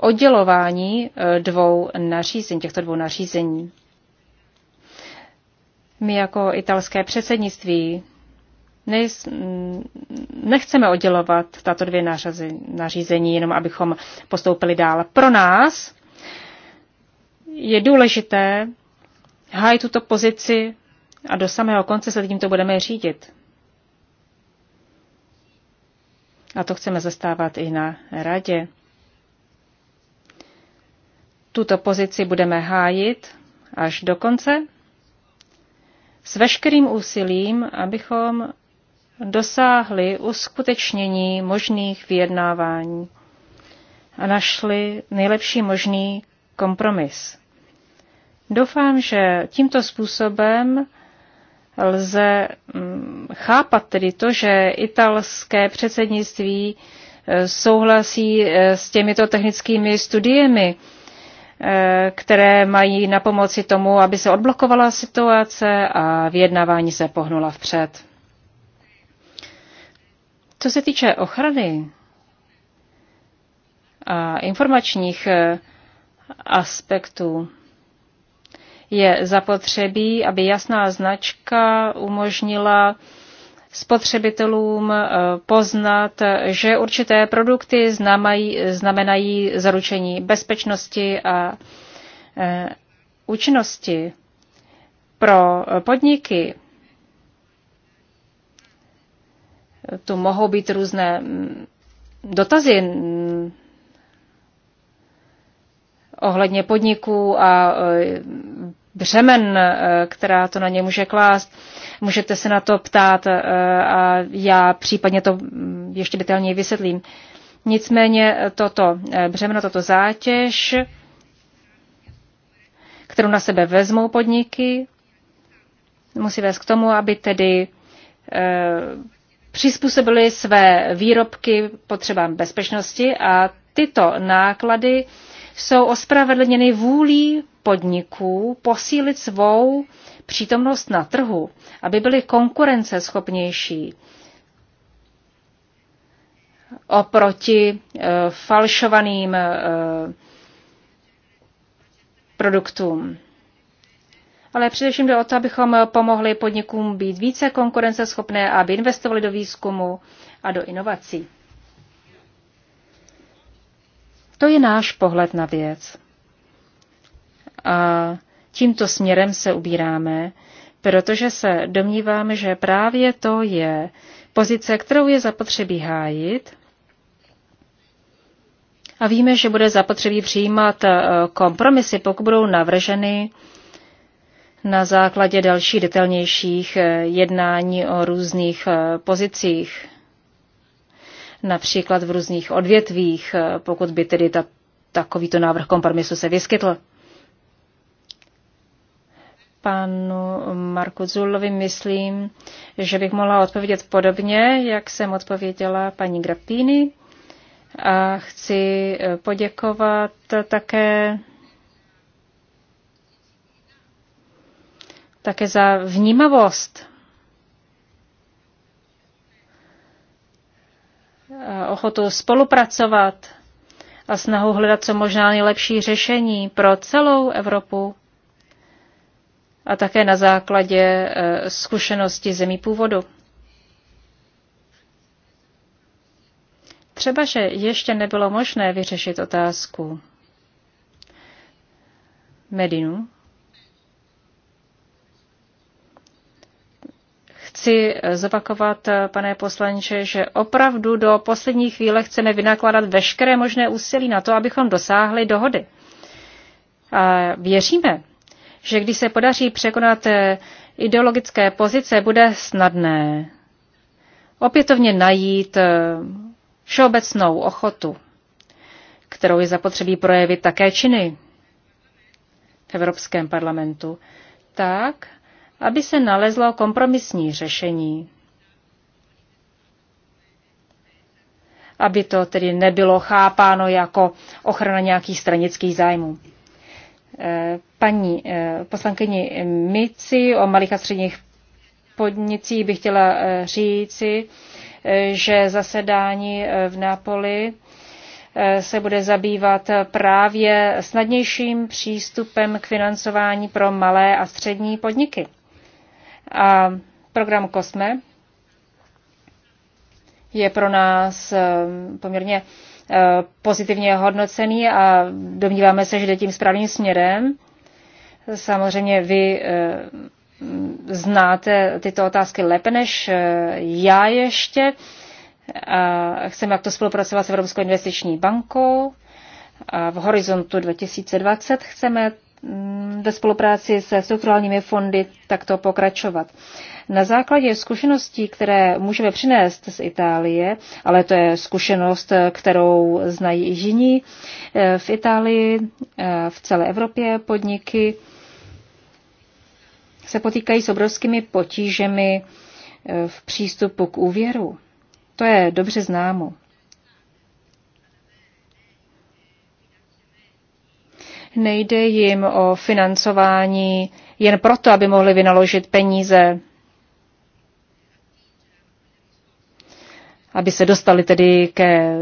oddělování eh, dvou nařízení, těchto dvou nařízení. My jako italské předsednictví mm, nechceme oddělovat tato dvě nařízení, jenom abychom postoupili dál. Pro nás je důležité hájit tuto pozici a do samého konce se tímto budeme řídit. A to chceme zastávat i na radě. Tuto pozici budeme hájit až do konce s veškerým úsilím, abychom dosáhli uskutečnění možných vyjednávání a našli nejlepší možný kompromis. Doufám, že tímto způsobem lze mm, chápat tedy to, že italské předsednictví eh, souhlasí eh, s těmito technickými studiemi, Eh, které mají na pomoci tomu, aby se odblokovala situace a vyjednávání se pohnula vpřed. Co se týče ochrany a informačních eh, aspektů, je zapotřebí, aby jasná značka umožnila spotřebitelům eh, poznat, že určité produkty znamají, znamenají zaručení bezpečnosti a eh, účinnosti pro podniky. Tu mohou být různé mm, dotazy mm, ohledně podniků a eh, břemen, která to na ně může klást. Můžete se na to ptát eh, a já případně to mm, ještě detailněji vysvětlím. Nicméně toto eh, břemeno, toto zátěž, kterou na sebe vezmou podniky, musí vést k tomu, aby tedy eh, přizpůsobili své výrobky potřebám bezpečnosti a tyto náklady jsou ospravedlněny vůlí podniků posílit svou přítomnost na trhu, aby byli konkurenceschopnější oproti e, falšovaným e, produktům. Ale především jde o to, abychom pomohli podnikům být více konkurenceschopné, aby investovali do výzkumu a do inovací. To je náš pohled na věc. A Tímto směrem se ubíráme, protože se domníváme, že právě to je pozice, kterou je zapotřebí hájit a víme, že bude zapotřebí přijímat eh, kompromisy, pokud budou navrženy na základě dalších detailnějších eh, jednání o různých eh, pozicích, například v různých odvětvích, pokud by tedy ta, takovýto návrh kompromisu se vyskytl panu Marku Zulovi myslím, že bych mohla odpovědět podobně, jak jsem odpověděla paní Grappini. A chci eh, poděkovat také také za vnímavost ochotu spolupracovat a snahu hledat co možná nejlepší řešení pro celou Evropu a také na základě e, zkušenosti zemí původu. Třeba, že ještě nebylo možné vyřešit otázku Medinu. Chci e, zopakovat, e, pane poslanče, že opravdu do poslední chvíle chceme vynakládat veškeré možné úsilí na to, abychom dosáhli dohody. A věříme, že když se podaří překonat eh, ideologické pozice, bude snadné opětovně najít eh, všeobecnou ochotu, kterou je zapotřebí projevit také činy v Evropském parlamentu, tak, aby se nalezlo kompromisní řešení. Aby to tedy nebylo chápáno jako ochrana nějakých stranických zájmů paní eh, poslankyni Mici o malých a středních podnicích bych chtěla eh, říci, eh, že zasedání v Nápoli se bude zabývat právě snadnějším přístupem k financování pro malé a střední podniky. A program COSME je pro nás poměrně pozitivně hodnocený a domníváme se, že jde tím správným směrem. Samozřejmě vy eh, znáte tyto otázky lépe než eh, já ještě. A chceme jak to spolupracovat s Evropskou investiční bankou. A v horizontu 2020 chceme mm, ve spolupráci se strukturálními fondy takto pokračovat. Na základě zkušeností, které můžeme přinést z Itálie, ale to je zkušenost, kterou znají i jiní, eh, v Itálii, eh, v celé Evropě podniky se potýkají s obrovskými potížemi eh, v přístupu k úvěru. To je dobře známo. Nejde jim o financování jen proto, aby mohli vynaložit peníze aby se dostali tedy ke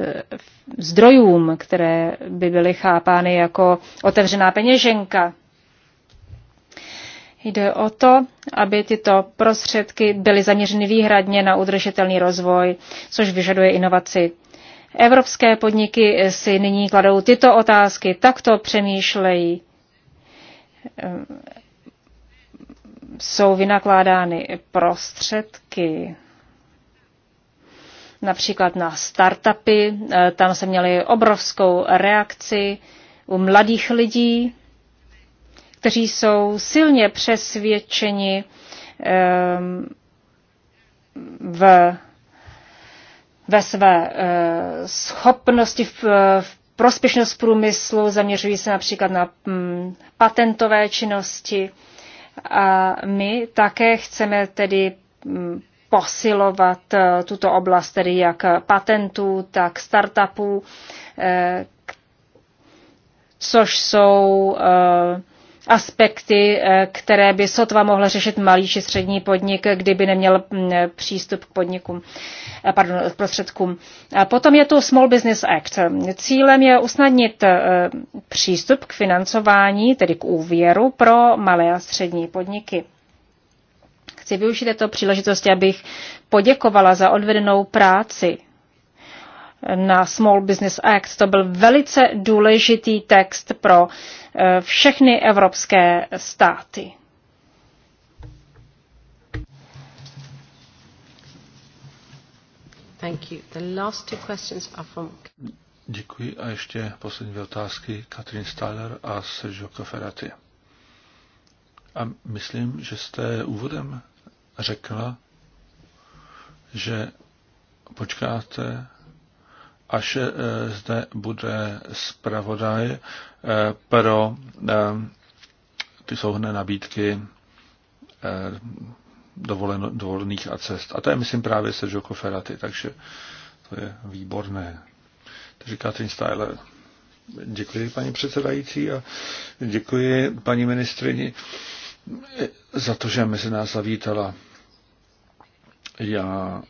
zdrojům, které by byly chápány jako otevřená peněženka. Jde o to, aby tyto prostředky byly zaměřeny výhradně na udržitelný rozvoj, což vyžaduje inovaci. Evropské podniky si nyní kladou tyto otázky, takto přemýšlejí. Ehm, jsou vynakládány prostředky například na startupy. Eh, tam se měli obrovskou reakci u mladých lidí, kteří jsou silně přesvědčeni ehm, v, ve své eh, schopnosti, v, v prospěšnost průmyslu, zaměřují se například na hm, patentové činnosti. A my také chceme tedy hm, posilovat eh, tuto oblast, tedy jak patentů, tak startupů, eh, což jsou eh, aspekty, které by sotva mohl řešit malý či střední podnik, kdyby neměl mm, přístup k podnikům, pardon, k prostředkům. Potom je tu Small Business Act. Cílem je usnadnit přístup k financování, tedy k úvěru pro malé a střední podniky. Chci využít této příležitosti, abych poděkovala za odvedenou práci na Small Business Act. To byl velice důležitý text pro eh, všechny evropské státy. Thank you. The last two questions are from... Děkuji a ještě poslední dvě otázky Katrin Staller a Sergio Koferati. A myslím, že jste úvodem řekla, že počkáte, až eh, zde bude zpravodaj eh, pro eh, ty souhné nabídky dovolených a cest. A to je, myslím, právě Sergio Koferaty, takže to je výborné. Takže Katrin Styler. Děkuji, paní předsedající, a děkuji paní ministrini za to, že mezi nás zavítala. Já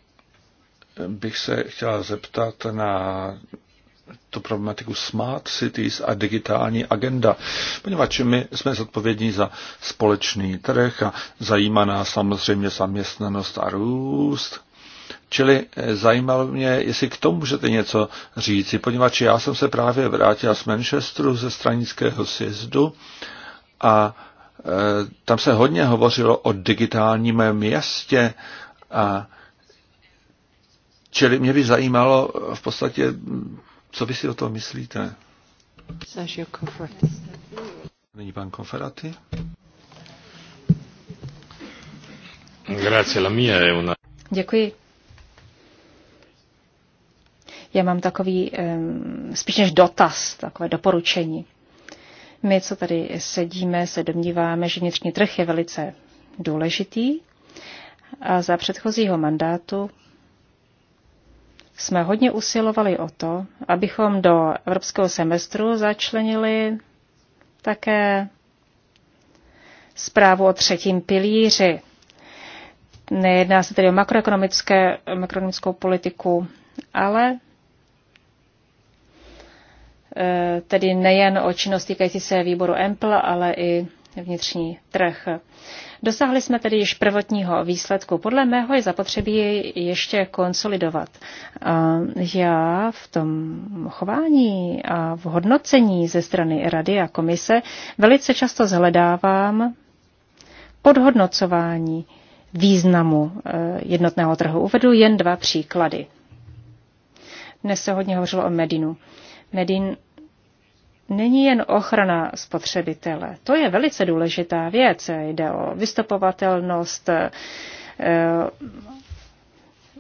bych se chtěla zeptat na tu problematiku Smart Cities a digitální agenda, poněvadž my jsme zodpovědní za společný trh a zajímá nás samozřejmě zaměstnanost a růst. Čili eh, zajímalo mě, jestli k tomu můžete něco říci, poněvadž já jsem se právě vrátil z Manchesteru ze stranického sjezdu a eh, tam se hodně hovořilo o digitálním městě a čili mě by zajímalo eh, v podstatě, co vy si o tom myslíte. Není pan Konferaty? Děkuji. Já mám takový spíš než dotaz, takové doporučení. My, co tady sedíme, se domníváme, že vnitřní trh je velice důležitý a za předchozího mandátu jsme hodně usilovali o to, abychom do evropského semestru začlenili také zprávu o třetím pilíři. Nejedná se tedy o makroekonomické, makroekonomickou politiku, ale tedy nejen o činnost týkající se výboru EMPL, ale i vnitřní trh. Dosáhli jsme tedy již prvotního výsledku. Podle mého je zapotřebí ještě konsolidovat. A já v tom chování a v hodnocení ze strany Rady a komise velice často zhledávám podhodnocování významu e, jednotného trhu. Uvedu jen dva příklady. Dnes se hodně hovořilo o Medinu. Medin není jen ochrana spotřebitele. To je velice důležitá věc. Jde o vystupovatelnost, eh,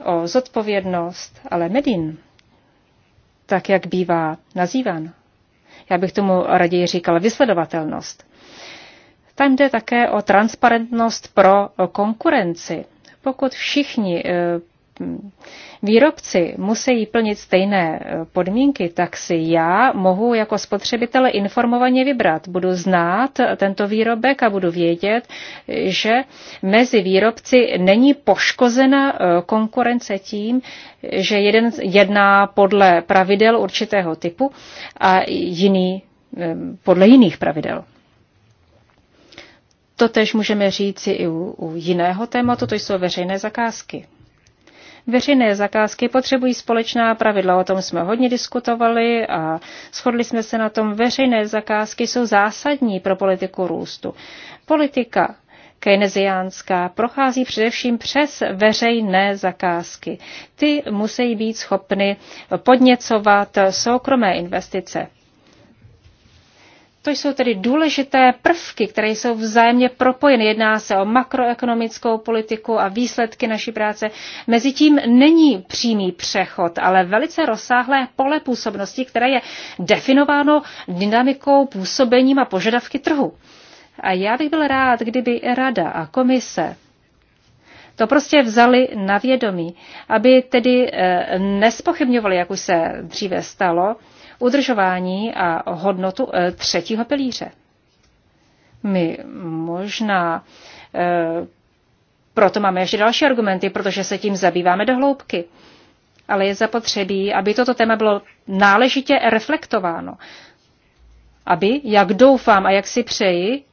o zodpovědnost, ale Medin, tak jak bývá nazývan, já bych tomu raději říkal vysledovatelnost. Tam jde také o transparentnost pro konkurenci. Pokud všichni eh, výrobci musí plnit stejné e, podmínky, tak si já mohu jako spotřebitel informovaně vybrat. Budu znát tento výrobek a budu vědět, že mezi výrobci není poškozena e, konkurence tím, že jeden jedná podle pravidel určitého typu a jiný e, podle jiných pravidel. To můžeme říci i u, u jiného tématu, to jsou veřejné zakázky. Veřejné zakázky potřebují společná pravidla, o tom jsme hodně diskutovali a shodli jsme se na tom, veřejné zakázky jsou zásadní pro politiku růstu. Politika keynesiánská prochází především přes veřejné zakázky. Ty musí být schopny podněcovat soukromé investice. To jsou tedy důležité prvky, které jsou vzájemně propojeny. Jedná se o makroekonomickou politiku a výsledky naší práce. Mezitím není přímý přechod, ale velice rozsáhlé pole působnosti, které je definováno dynamikou, působením a požadavky trhu. A já bych byl rád, kdyby Rada a komise to prostě vzali na vědomí, aby tedy eh, nespochybňovali, jak už se dříve stalo, udržování a hodnotu eh, třetího pilíře. My možná eh, proto máme ještě další argumenty, protože se tím zabýváme do hloubky. Ale je zapotřebí, aby toto téma bylo náležitě reflektováno. Aby, jak doufám a jak si přeji,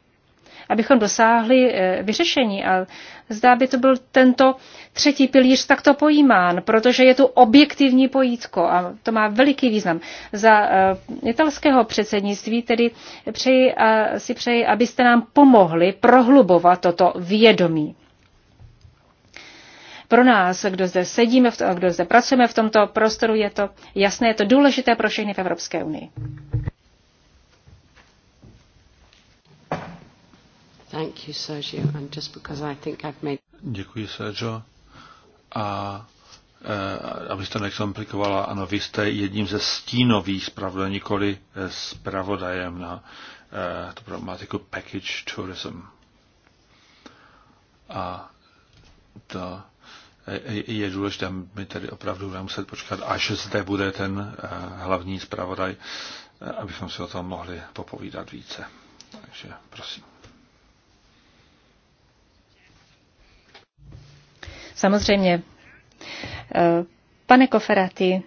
abychom dosáhli eh, vyřešení. A zdá by to byl tento třetí pilíř takto pojímán, protože je tu objektivní pojítko a to má veliký význam. Za eh, italského předsednictví tedy přeji, a si přeji, abyste nám pomohli prohlubovat toto vědomí pro nás, kdo zde sedíme, kdo zde pracujeme v tomto prostoru, je to jasné, je to důležité pro všechny v Evropské unii. Thank you, Sergio. And just because I think I've made... Děkuji, Sergio. A e, eh, abyste nekomplikovala, ano, vy jste jedním ze stínových zpravodajů, nikoli eh, zpravodajem na e, tu problematiku package tourism. A to je důležité, my tedy opravdu budeme muset počkat, až zde bude ten hlavní zpravodaj, abychom si o tom mohli popovídat více. Takže prosím. Samozřejmě. Eh, pane Koferati,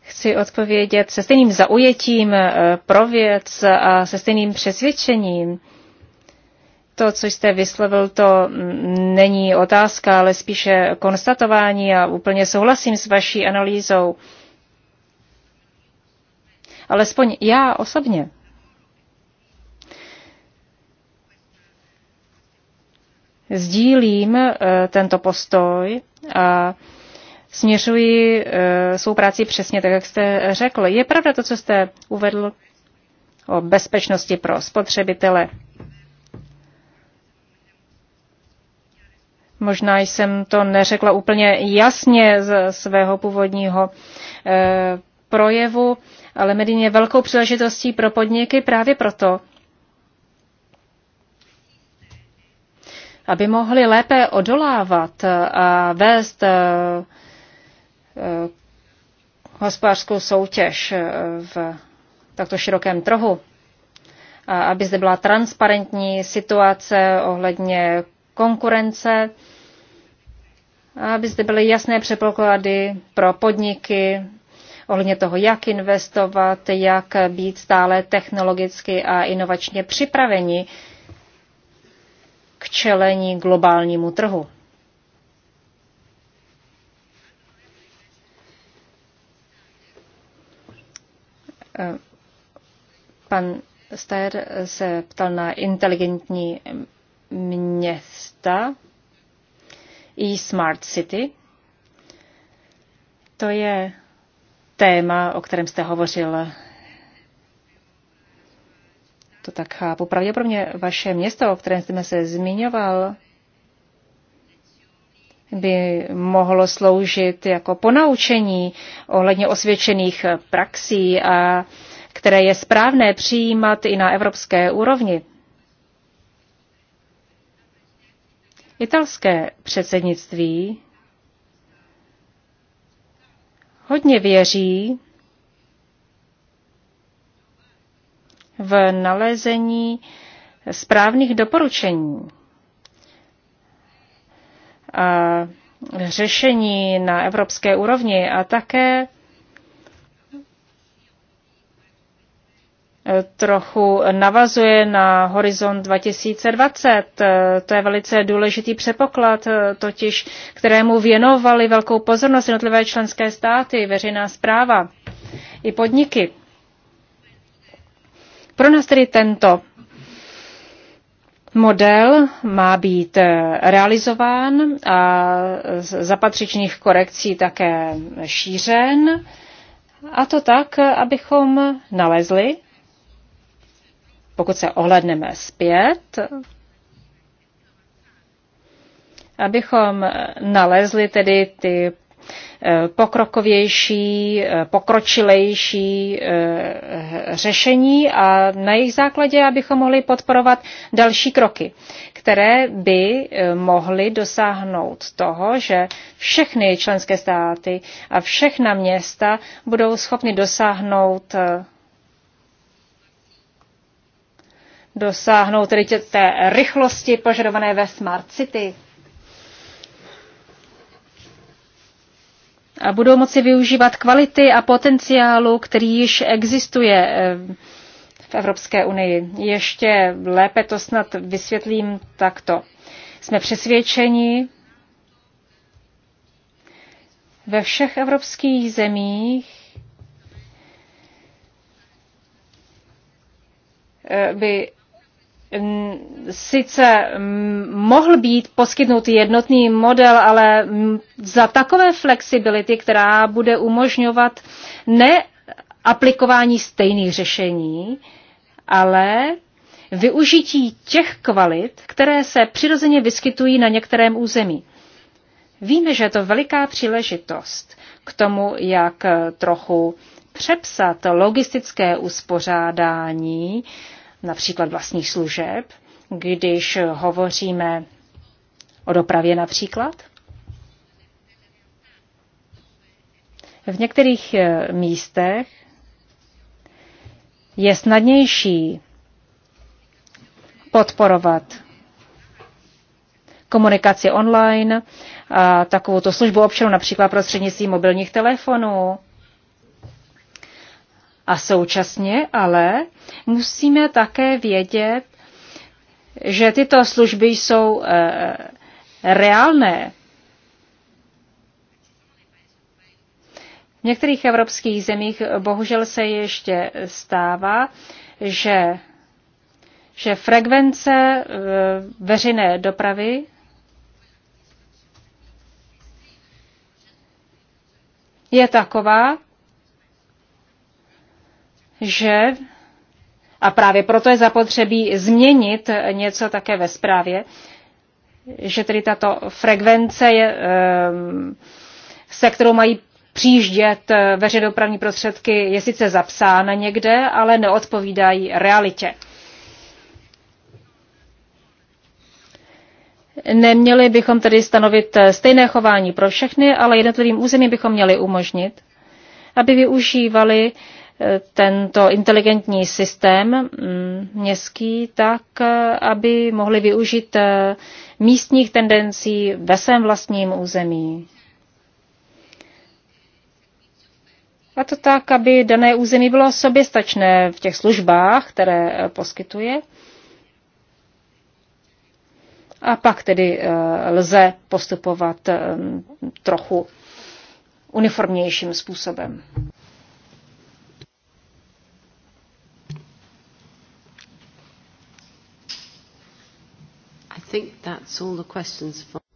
chci odpovědět se stejným zaujetím eh, pro věc a se stejným přesvědčením. To, co jste vyslovil, to není otázka, ale spíše konstatování a úplně souhlasím s vaší analýzou. Alespoň já osobně Sdílím eh, tento postoj a směřuji eh, svou práci přesně tak, jak jste řekl. Je pravda to, co jste uvedl o bezpečnosti pro spotřebitele. Možná jsem to neřekla úplně jasně z svého původního eh, projevu, ale Medin je velkou příležitostí pro podniky právě proto, aby mohli lépe odolávat a vést e, e, hospodářskou soutěž e, v takto širokém trhu, a aby zde byla transparentní situace ohledně konkurence, a aby zde byly jasné předpoklady pro podniky, ohledně toho, jak investovat, jak být stále technologicky a inovačně připraveni k čelení globálnímu trhu. Eh, pan Steyer se ptal na inteligentní města e-smart city. To je téma, o kterém jste hovořil to tak chápu. Pravděpodobně vaše město, o kterém jsme se zmiňoval, by mohlo sloužit jako ponaučení ohledně osvědčených praxí, a které je správné přijímat i na evropské úrovni. Italské předsednictví hodně věří v nalezení správných doporučení a řešení na evropské úrovni a také trochu navazuje na horizont 2020. To je velice důležitý přepoklad, totiž kterému věnovali velkou pozornost jednotlivé členské státy, veřejná zpráva i podniky. Pro nás tedy tento model má být eh, realizován a za patřičných korekcí také šířen, a to tak, abychom nalezli, pokud se ohledneme zpět, abychom nalezli tedy ty Eh, pokrokovější, eh, pokročilejší eh, řešení a na jejich základě, abychom mohli podporovat další kroky, které by mohly dosáhnout toho, že všechny členské státy a všechna města budou schopny dosáhnout dosáhnout tedy té rychlosti požadované ve Smart City. a budou moci využívat kvality a potenciálu, který již existuje eh, v Evropské unii. Ještě lépe to snad vysvětlím takto. Jsme přesvědčeni ve všech evropských zemích, eh, by sice mohl být poskytnut jednotný model, ale za takové flexibility, která bude umožňovat ne aplikování stejných řešení, ale využití těch kvalit, které se přirozeně vyskytují na některém území. Víme, že je to veliká příležitost k tomu, jak trochu přepsat logistické uspořádání například vlastních služeb, když hovoříme o dopravě například. V některých eh, místech je snadnější podporovat komunikaci online, a takovouto službu občanů například prostřednictvím mobilních telefonů, a současně ale musíme také vědět, že tyto služby jsou e, reálné. V některých evropských zemích bohužel se ještě stává, že, že frekvence e, veřejné dopravy je taková, že a právě proto je zapotřebí změnit něco také ve zprávě, že tedy tato frekvence, je, ehm, se kterou mají přijíždět eh, veřejnoprávní prostředky, je sice zapsána někde, ale neodpovídají realitě. Neměli bychom tedy stanovit eh, stejné chování pro všechny, ale jednotlivým územím bychom měli umožnit, aby využívali tento inteligentní systém mm, městský tak, aby mohli využít eh, místních tendencí ve svém vlastním území. A to tak, aby dané území bylo soběstačné v těch službách, které eh, poskytuje. A pak tedy eh, lze postupovat trochu uniformnějším způsobem.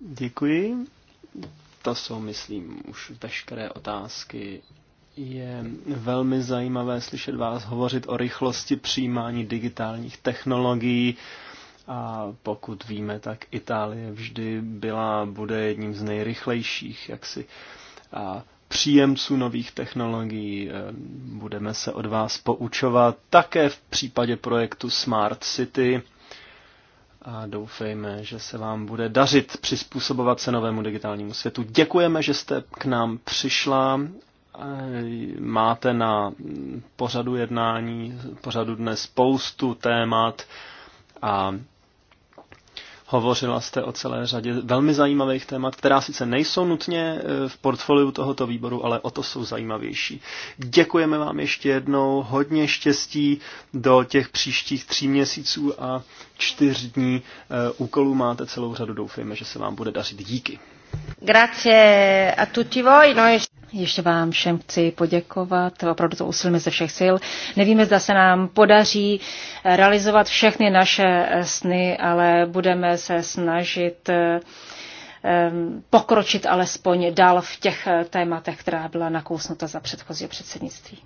Děkuji. To jsou, myslím, už veškeré otázky. Je velmi zajímavé slyšet vás hovořit o rychlosti přijímání digitálních technologií. A pokud víme, tak Itálie vždy byla, bude jedním z nejrychlejších jaksi a příjemců nových technologií. E, budeme se od vás poučovat také v případě projektu Smart City a doufejme, že se vám bude dařit přizpůsobovat se novému digitálnímu světu. Děkujeme, že jste k nám přišla. Eh, máte na pořadu jednání, pořadu dnes spoustu témat a Hovořila jste o celé řadě velmi zajímavých témat, která sice nejsou nutně e, v portfoliu tohoto výboru, ale o to jsou zajímavější. Děkujeme vám ještě jednou, hodně štěstí do těch příštích tří měsíců a čtyř dní e, úkolů máte celou řadu. Doufejme, že se vám bude dařit. Díky. Grazie a tutti voi. Noi... Ještě vám všem chci poděkovat, opravdu to usilíme ze všech sil. Nevíme, zda se nám podaří eh, realizovat všechny naše eh, sny, ale budeme se snažit eh, pokročit alespoň dál v těch tématech, která byla nakousnuta za předchozí předsednictví.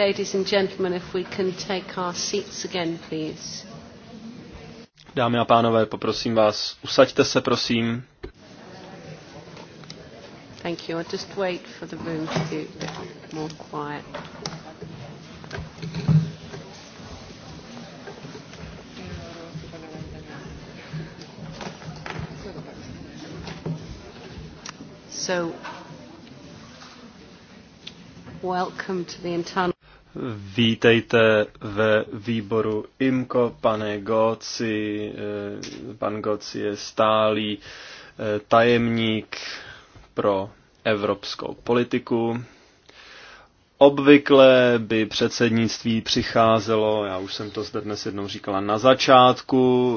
ladies and gentlemen, if we can take our seats again, please. Dámy a pánové, poprosím vás, usaďte se, prosím. Thank you. I'll just wait for the room to be a bit more quiet. So, welcome to the internal Vítejte ve výboru IMKO, pane Goci. Eh, pan Goci je stálý eh, tajemník pro evropskou politiku. Obvykle by předsednictví přicházelo, já už jsem to zde dnes jednou říkala, na začátku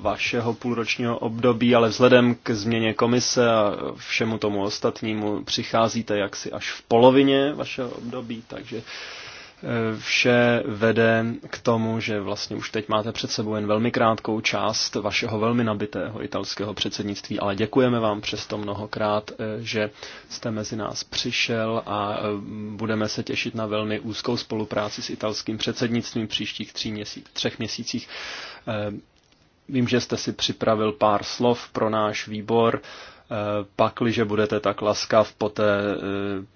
vašeho půlročního období, ale vzhledem k změně komise a všemu tomu ostatnímu přicházíte jaksi až v polovině vašeho období, takže vše vede k tomu, že vlastně už teď máte před sebou jen velmi krátkou část vašeho velmi nabitého italského předsednictví, ale děkujeme vám přesto mnohokrát, eh, že jste mezi nás přišel a eh, budeme se těšit na velmi úzkou spolupráci s italským předsednictvím příštích tří měsíc, třech měsících. Eh, vím, že jste si připravil pár slov pro náš výbor Eh, pakliže budete tak laskav, poté eh,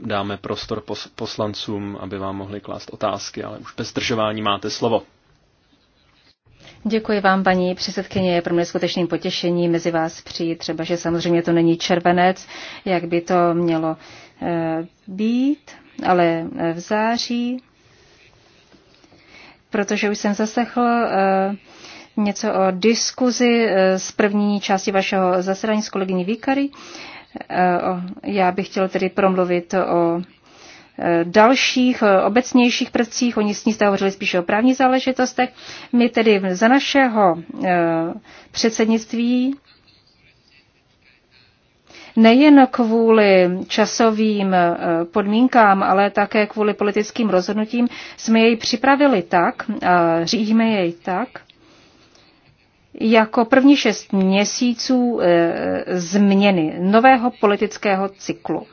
dáme prostor poslancům, aby vám mohli klást otázky, ale už bez zdržování máte slovo. Děkuji vám, paní předsedkyně. Je pro mě skutečným potěšením mezi vás přijít. Třeba, že samozřejmě to není červenec, jak by to mělo eh, být, ale v září, protože už jsem zaslechl něco o diskuzi eh, z první části vašeho zasedání s kolegyní Víkary. Eh, já bych chtěl tedy promluvit o eh, dalších obecnějších prvcích, oni s ní jste hovořili spíše o právních záležitostech. My tedy za našeho předsednictví nejen kvůli časovým podmínkám, ale také kvůli politickým rozhodnutím jsme jej připravili tak, řídíme jej tak, jako první šest měsíců e, změny nového politického cyklu.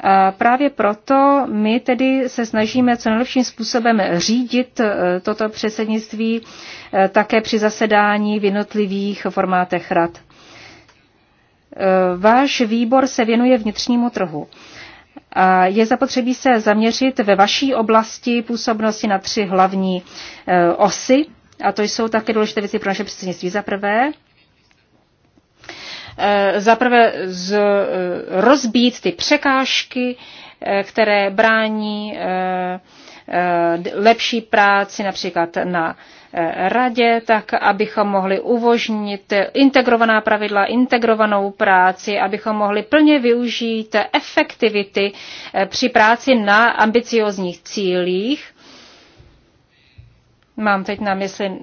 A právě proto my tedy se snažíme co nejlepším způsobem řídit e, toto předsednictví e, také při zasedání v jednotlivých formátech rad. Váš výbor se věnuje vnitřnímu trhu. A je zapotřebí se zaměřit ve vaší oblasti působnosti na tři hlavní osy a to jsou také důležité věci pro naše předsednictví. Za prvé, eh, za prvé z, eh, rozbít ty překážky, eh, které brání lepší práci například na radě, tak abychom mohli uvožnit integrovaná pravidla, integrovanou práci, abychom mohli plně využít efektivity při práci na ambiciozních cílích Mám teď na mysli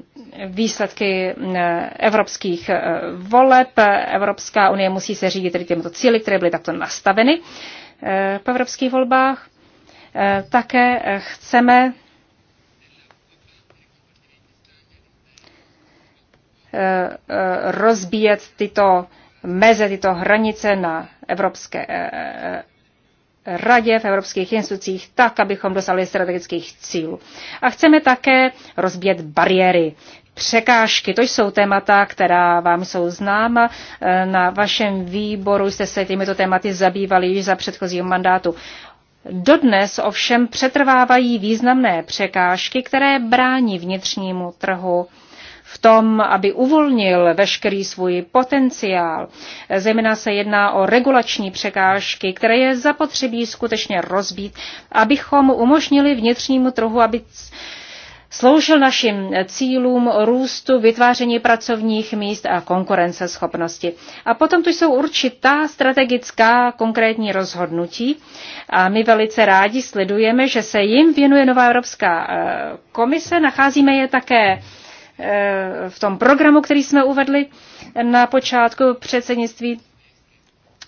výsledky eh, evropských eh, voleb. Evropská unie musí se řídit tedy těmito cíly, které byly takto nastaveny eh, po evropských volbách. Také chceme rozbíjet tyto meze, tyto hranice na evropské radě, v evropských institucích, tak, abychom dosáhli strategických cílů. A chceme také rozbět bariéry. Překážky, to jsou témata, která vám jsou známa. Na vašem výboru jste se těmito tématy zabývali již za předchozího mandátu. Dodnes ovšem přetrvávají významné překážky, které brání vnitřnímu trhu v tom, aby uvolnil veškerý svůj potenciál. Zejména se jedná o regulační překážky, které je zapotřebí skutečně rozbít, abychom umožnili vnitřnímu trhu, aby sloužil našim cílům růstu, vytváření pracovních míst a konkurenceschopnosti. A potom tu jsou určitá strategická konkrétní rozhodnutí a my velice rádi sledujeme, že se jim věnuje Nová Evropská eh, komise, nacházíme je také Eh, v tom programu, který jsme uvedli na počátku předsednictví,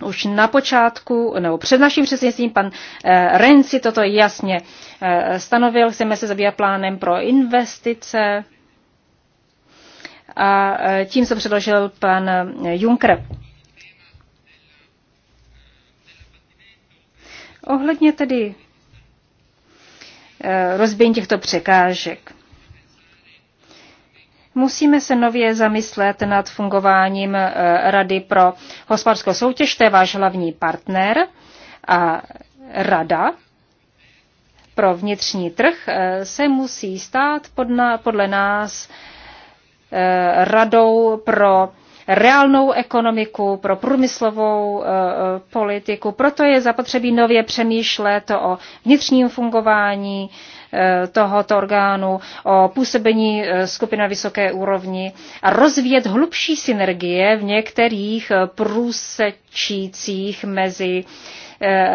už na počátku, nebo před naším předsednictvím, pan eh, Renci toto jasně eh, stanovil. Chceme se zabývat plánem pro investice a tím, se předložil pan Juncker. Ohledně tedy rozbíjení těchto překážek. Musíme se nově zamyslet nad fungováním e, Rady pro hospodářskou soutěž, to je váš hlavní partner a Rada pro vnitřní trh e, se musí stát podle nás e, radou pro reálnou ekonomiku, pro průmyslovou politiku. Proto je zapotřebí nově přemýšlet o vnitřním fungování Eh, tohoto orgánu, o působení eh, skupin na vysoké úrovni a rozvíjet hlubší synergie v některých eh, průsečících mezi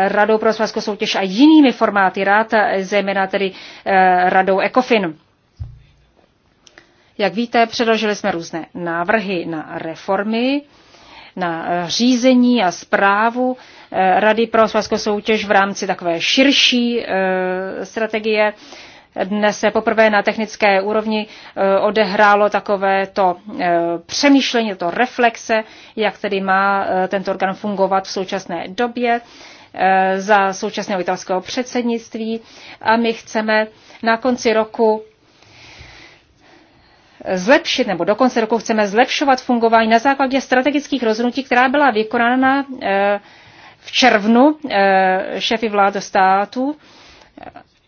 Radou pro hospodářskou soutěž a jinými formáty rád, zejména tedy Radou ECOFIN. Jak víte, předložili jsme různé návrhy na reformy, na řízení a zprávu Eh, Rady pro hospodářskou soutěž v rámci takové širší eh, strategie. Dnes se poprvé na technické úrovni eh, odehrálo takové to přemýšlení, to reflexe, jak tedy má tento orgán fungovat v současné době za současného italského předsednictví a my chceme na konci roku zlepšit, nebo do konce roku chceme zlepšovat fungování na základě strategických rozhodnutí, která byla vykonána červnu eh, šefy vlád států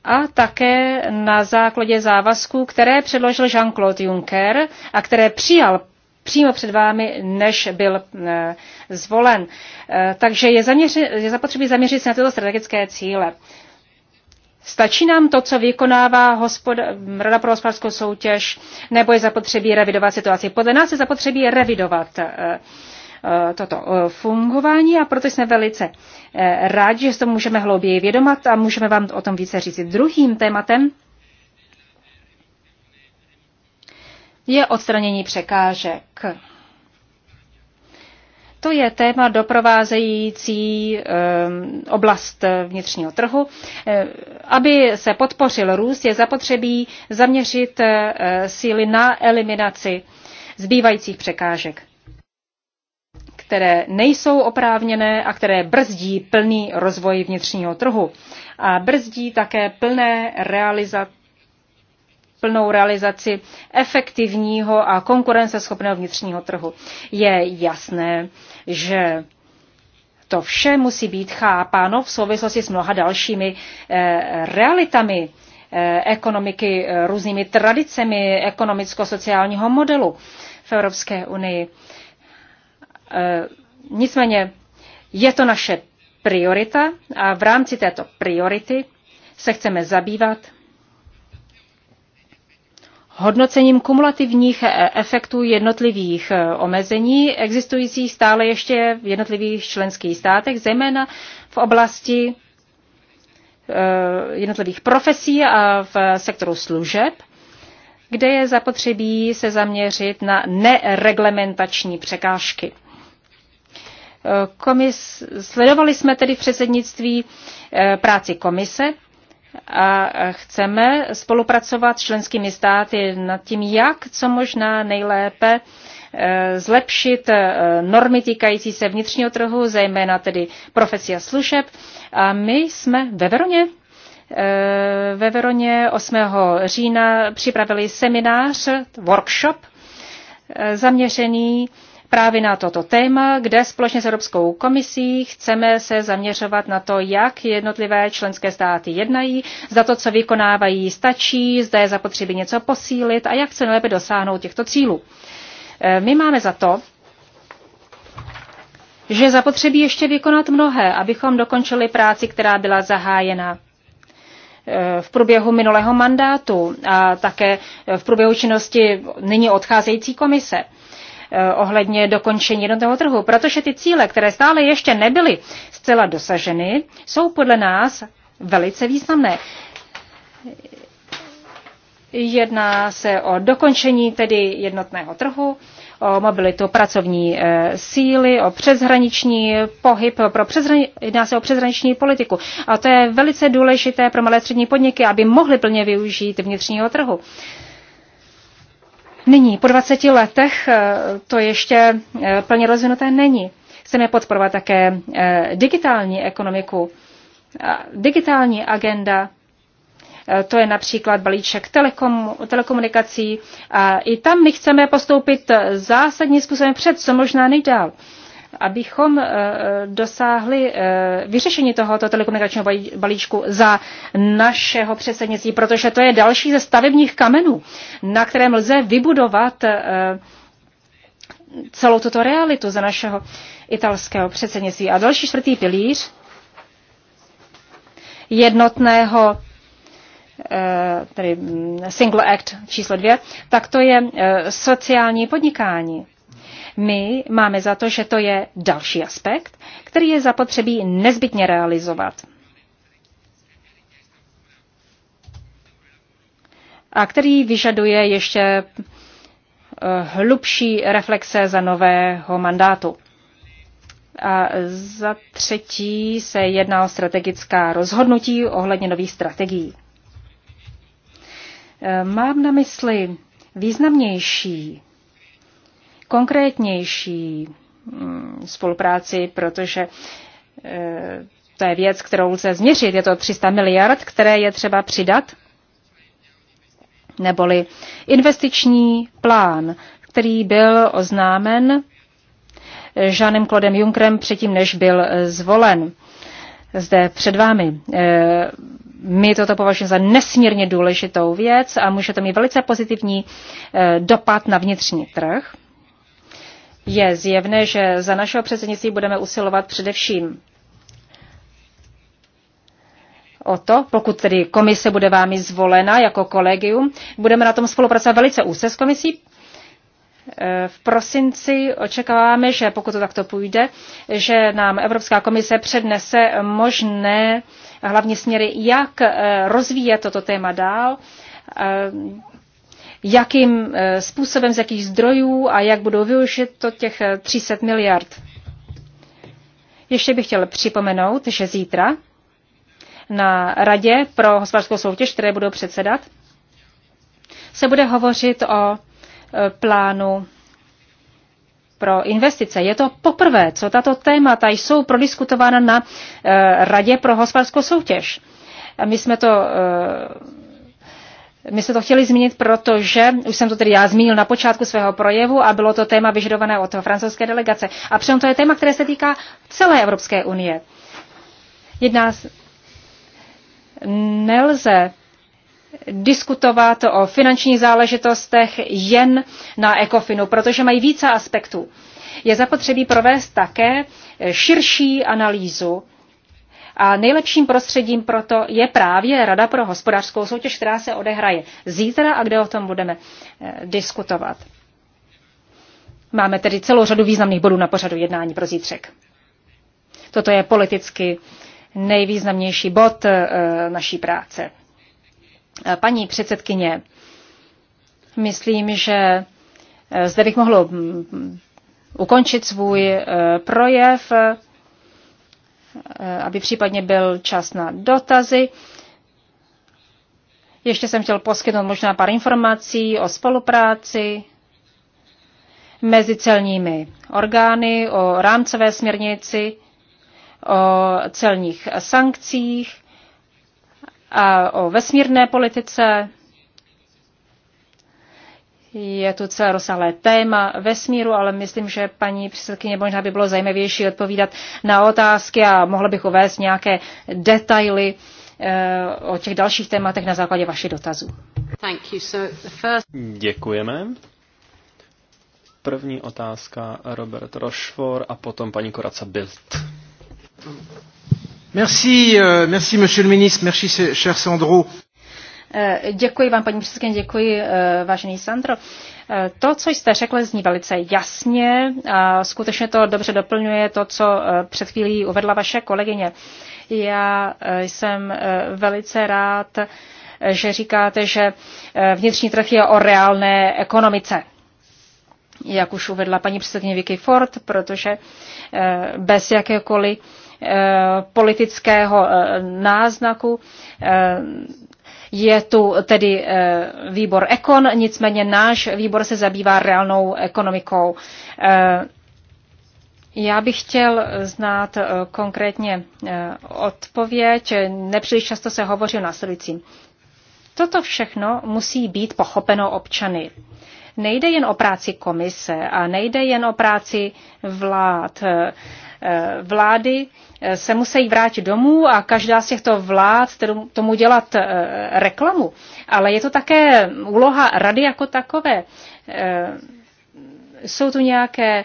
a také na základě závazků, které předložil Jean-Claude Juncker a které přijal přímo před vámi, než byl eh, zvolen. Eh, takže je, zaměři, je zapotřebí zaměřit se na tyto strategické cíle. Stačí nám to, co vykonává hospod... Rada pro hospodářskou soutěž, nebo je zapotřebí revidovat situaci? Podle nás je zapotřebí revidovat Eh, toto eh, fungování a proto jsme velice eh, rádi, že to můžeme hlouběji vědomat a můžeme vám o tom více říct. Druhým tématem je odstranění překážek. To je téma doprovázející oblast vnitřního trhu. Aby se podpořil růst, je zapotřebí zaměřit síly na eliminaci zbývajících překážek které nejsou oprávněné a které brzdí plný rozvoj vnitřního trhu a brzdí také plné realiza- plnou realizaci efektivního a konkurenceschopného vnitřního trhu. Je jasné, že to vše musí být chápáno v souvislosti s mnoha dalšími eh, realitami eh, ekonomiky, eh, různými tradicemi ekonomicko-sociálního modelu v Evropské unii. Eh, nicméně je to naše priorita a v rámci této priority se chceme zabývat hodnocením kumulativních efektů jednotlivých eh, omezení existujících stále ještě v jednotlivých členských státech, zejména v oblasti eh, jednotlivých profesí a v sektoru služeb, kde je zapotřebí se zaměřit na nereglementační překážky. Komis, sledovali jsme tedy v předsednictví eh, práci komise a chceme spolupracovat s členskými státy nad tím, jak co možná nejlépe eh, zlepšit eh, normy týkající se vnitřního trhu, zejména tedy profesí a služeb. A my jsme ve Veroně ve Veroně 8. října připravili seminář, workshop zaměřený právě na toto téma, kde společně s Evropskou komisí chceme se zaměřovat na to, jak jednotlivé členské státy jednají, za to, co vykonávají, stačí, zda je zapotřebí něco posílit a jak se nejlépe dosáhnout těchto cílů. E, my máme za to, že zapotřebí ještě vykonat mnohé, abychom dokončili práci, která byla zahájena e, v průběhu minulého mandátu a také v průběhu činnosti nyní odcházející komise. Eh, ohledně dokončení jednotného trhu, protože ty cíle, které stále ještě nebyly zcela dosaženy, jsou podle nás velice významné. Jedná se o dokončení tedy jednotného trhu, o mobilitu pracovní eh, síly, o přeshraniční pohyb, pro přeshrani- jedná se o přeshraniční politiku. A to je velice důležité pro malé střední podniky, aby mohly plně využít vnitřního trhu. Nyní, po 20 letech, eh, to ještě eh, plně rozvinuté není. Chceme podporovat také eh, digitální ekonomiku. Digitální agenda, to je například balíček telekom, telekomunikací. A I tam my chceme postoupit zásadním způsobem před, co možná nejdál abychom eh, dosáhli eh, vyřešení tohoto telekomunikačního balíčku za našeho předsednictví, protože to je další ze stavebních kamenů, na kterém lze vybudovat eh, celou tuto realitu za našeho italského předsednictví. A další čtvrtý pilíř jednotného tedy mm, Single Act číslo dvě, tak to je sociální podnikání. My máme za to, že to je další aspekt, který je zapotřebí nezbytně realizovat. A který vyžaduje ještě eh, hlubší reflexe za nového mandátu. A za třetí se jedná o strategická rozhodnutí ohledně nových strategií. Eh, mám na mysli významnější konkrétnější mm, spolupráci, protože e, to je věc, kterou lze změřit. Je to 300 miliard, které je třeba přidat, neboli investiční plán, který byl oznámen Žánem Klodem Junkrem předtím, než byl zvolen zde před vámi. E, my toto považujeme za nesmírně důležitou věc a může to mít velice pozitivní e, dopad na vnitřní trh je zjevné, že za našeho předsednictví budeme usilovat především o to, pokud tedy komise bude vámi zvolena jako kolegium, budeme na tom spolupracovat velice úzce s komisí. E, v prosinci očekáváme, že pokud to takto půjde, že nám Evropská komise přednese možné hlavní směry, jak e, rozvíjet toto téma dál e, jakým eh, způsobem, z jakých zdrojů a jak budou využít to těch 300 eh, miliard. Ještě bych chtěl připomenout, že zítra na Radě pro hospodářskou soutěž, které budou předsedat, se bude hovořit o eh, plánu pro investice. Je to poprvé, co tato témata jsou prodiskutována na Radě pro hospodářskou soutěž. My jsme to my jsme to chtěli zmínit, protože už jsem to tedy já zmínil na počátku svého projevu a bylo to téma vyžadované od francouzské delegace. A přitom to je téma, které se týká celé Evropské unie. Jedná z... Nelze diskutovat o finančních záležitostech jen na ECOFINu, protože mají více aspektů. Je zapotřebí provést také širší analýzu a nejlepším prostředím pro to je právě Rada pro hospodářskou soutěž, která se odehraje zítra a kde o tom budeme eh, diskutovat. Máme tedy celou řadu významných bodů na pořadu jednání pro zítřek. Toto je politicky nejvýznamnější bod eh, naší práce. Eh, paní předsedkyně, myslím, že zde bych mohl mm, ukončit svůj projev. Eh, aby případně byl čas na dotazy. Ještě jsem chtěl poskytnout možná pár informací o spolupráci mezi celními orgány, o rámcové směrnici, o celních sankcích a o vesmírné politice. Je tu celé rozsáhlé téma vesmíru, ale myslím, že paní předsedkyně možná by bylo zajímavější odpovídat na otázky a mohla bych uvést nějaké detaily eh, o těch dalších tématech na základě vašich dotazů. Děkujeme. První otázka Robert Rochefort a potom paní Koraca Bild. Merci, euh, merci monsieur le ministre, merci cher Sandro. Eh, děkuji vám, paní předsedkyně, děkuji, eh, vážený Sandro. Eh, to, co jste řekl, zní velice jasně a skutečně to dobře doplňuje to, co před chvílí uvedla vaše kolegyně. Já jsem velice rád, že říkáte, že vnitřní trh je o reálné ekonomice jak už uvedla paní předsedkyně Vicky Ford, protože bez jakékoliv politického náznaku je tu tedy eh, výbor Ekon, nicméně náš výbor se zabývá reálnou ekonomikou. Eh, já bych chtěl znát eh, konkrétně odpověď. Nepříliš často se hovoří o následujícím. Toto všechno musí být pochopeno občany. Nejde jen o práci komise a nejde jen o práci vlád. Eh, vlády eh, se musí vrátit domů a každá z těchto vlád tomu dělat eh, reklamu. Ale je to také úloha rady jako takové. Jsou tu nějaké uh,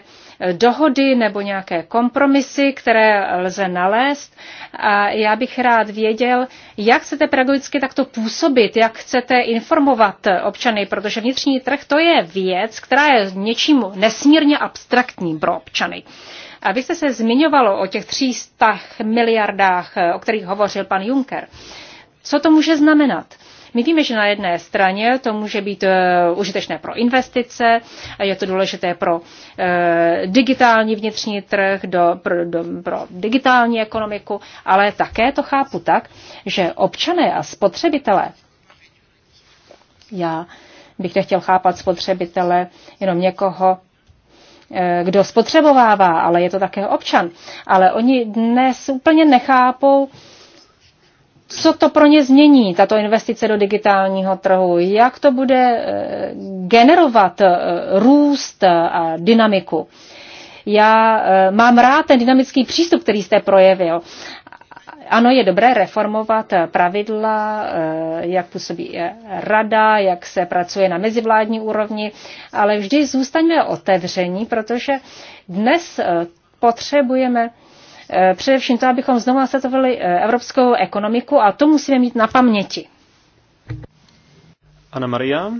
dohody nebo nějaké kompromisy, které lze nalézt. A já bych rád věděl, jak chcete pedagogicky takto působit, jak chcete informovat občany, protože vnitřní trh to je věc, která je něčím nesmírně abstraktní pro občany. A vy jste se zmiňovalo o těch 300 miliardách, o kterých hovořil pan Juncker. Co to může znamenat? My víme, že na jedné straně to může být eh, užitečné pro investice, je to důležité pro eh, digitální vnitřní trh, do, pro, do, pro digitální ekonomiku, ale také to chápu tak, že občané a spotřebitelé, já bych nechtěl chápat spotřebitele jenom někoho, eh, kdo spotřebovává, ale je to také občan. Ale oni dnes úplně nechápou co to pro ně změní, tato investice do digitálního trhu? Jak to bude eh, generovat eh, růst a dynamiku? Já eh, mám rád ten dynamický přístup, který jste projevil. Ano, je dobré reformovat pravidla, jak působí rada, jak se pracuje na mezivládní úrovni, ale vždy zůstaňme otevření, protože dnes potřebujeme Eh, především to, abychom znovu nastatovali eh, evropskou ekonomiku a to musíme mít na paměti. Ana Maria,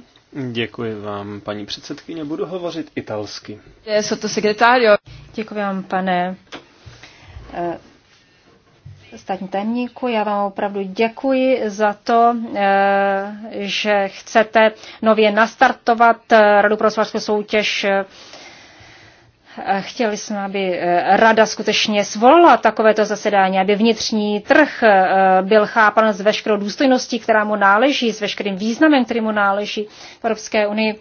děkuji vám, paní předsedkyně, budu hovořit italsky. Eh, děkuji vám, pane státní tajemníku. Já vám opravdu děkuji za to, že chcete nově nastartovat Radu pro soutěž Eh, chtěli jsme, aby eh, rada skutečně svolala takovéto zasedání, aby vnitřní trh eh, byl chápan s veškerou důstojností, která mu náleží, s veškerým významem, který mu náleží v Evropské unii.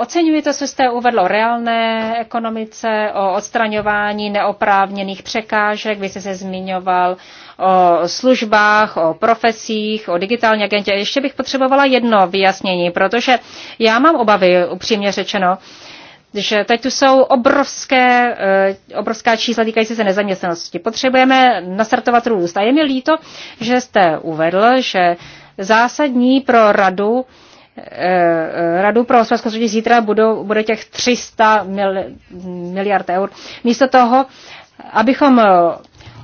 Oceňuji to, co jste uvedl o reálné ekonomice, o odstraňování neoprávněných překážek, vy jste se zmiňoval o službách, o profesích, o digitální agentě. Ještě bych potřebovala jedno vyjasnění, protože já mám obavy, upřímně řečeno, že eh, teď tu jsou obrovské, eh, obrovská čísla týkající se nezaměstnanosti. Potřebujeme nastartovat růst. A je mi líto, že jste uvedl, že zásadní pro radu eh, Radu pro hospodářskou soutěž zítra budou, bude těch 300 mil, miliard eur. Místo toho, abychom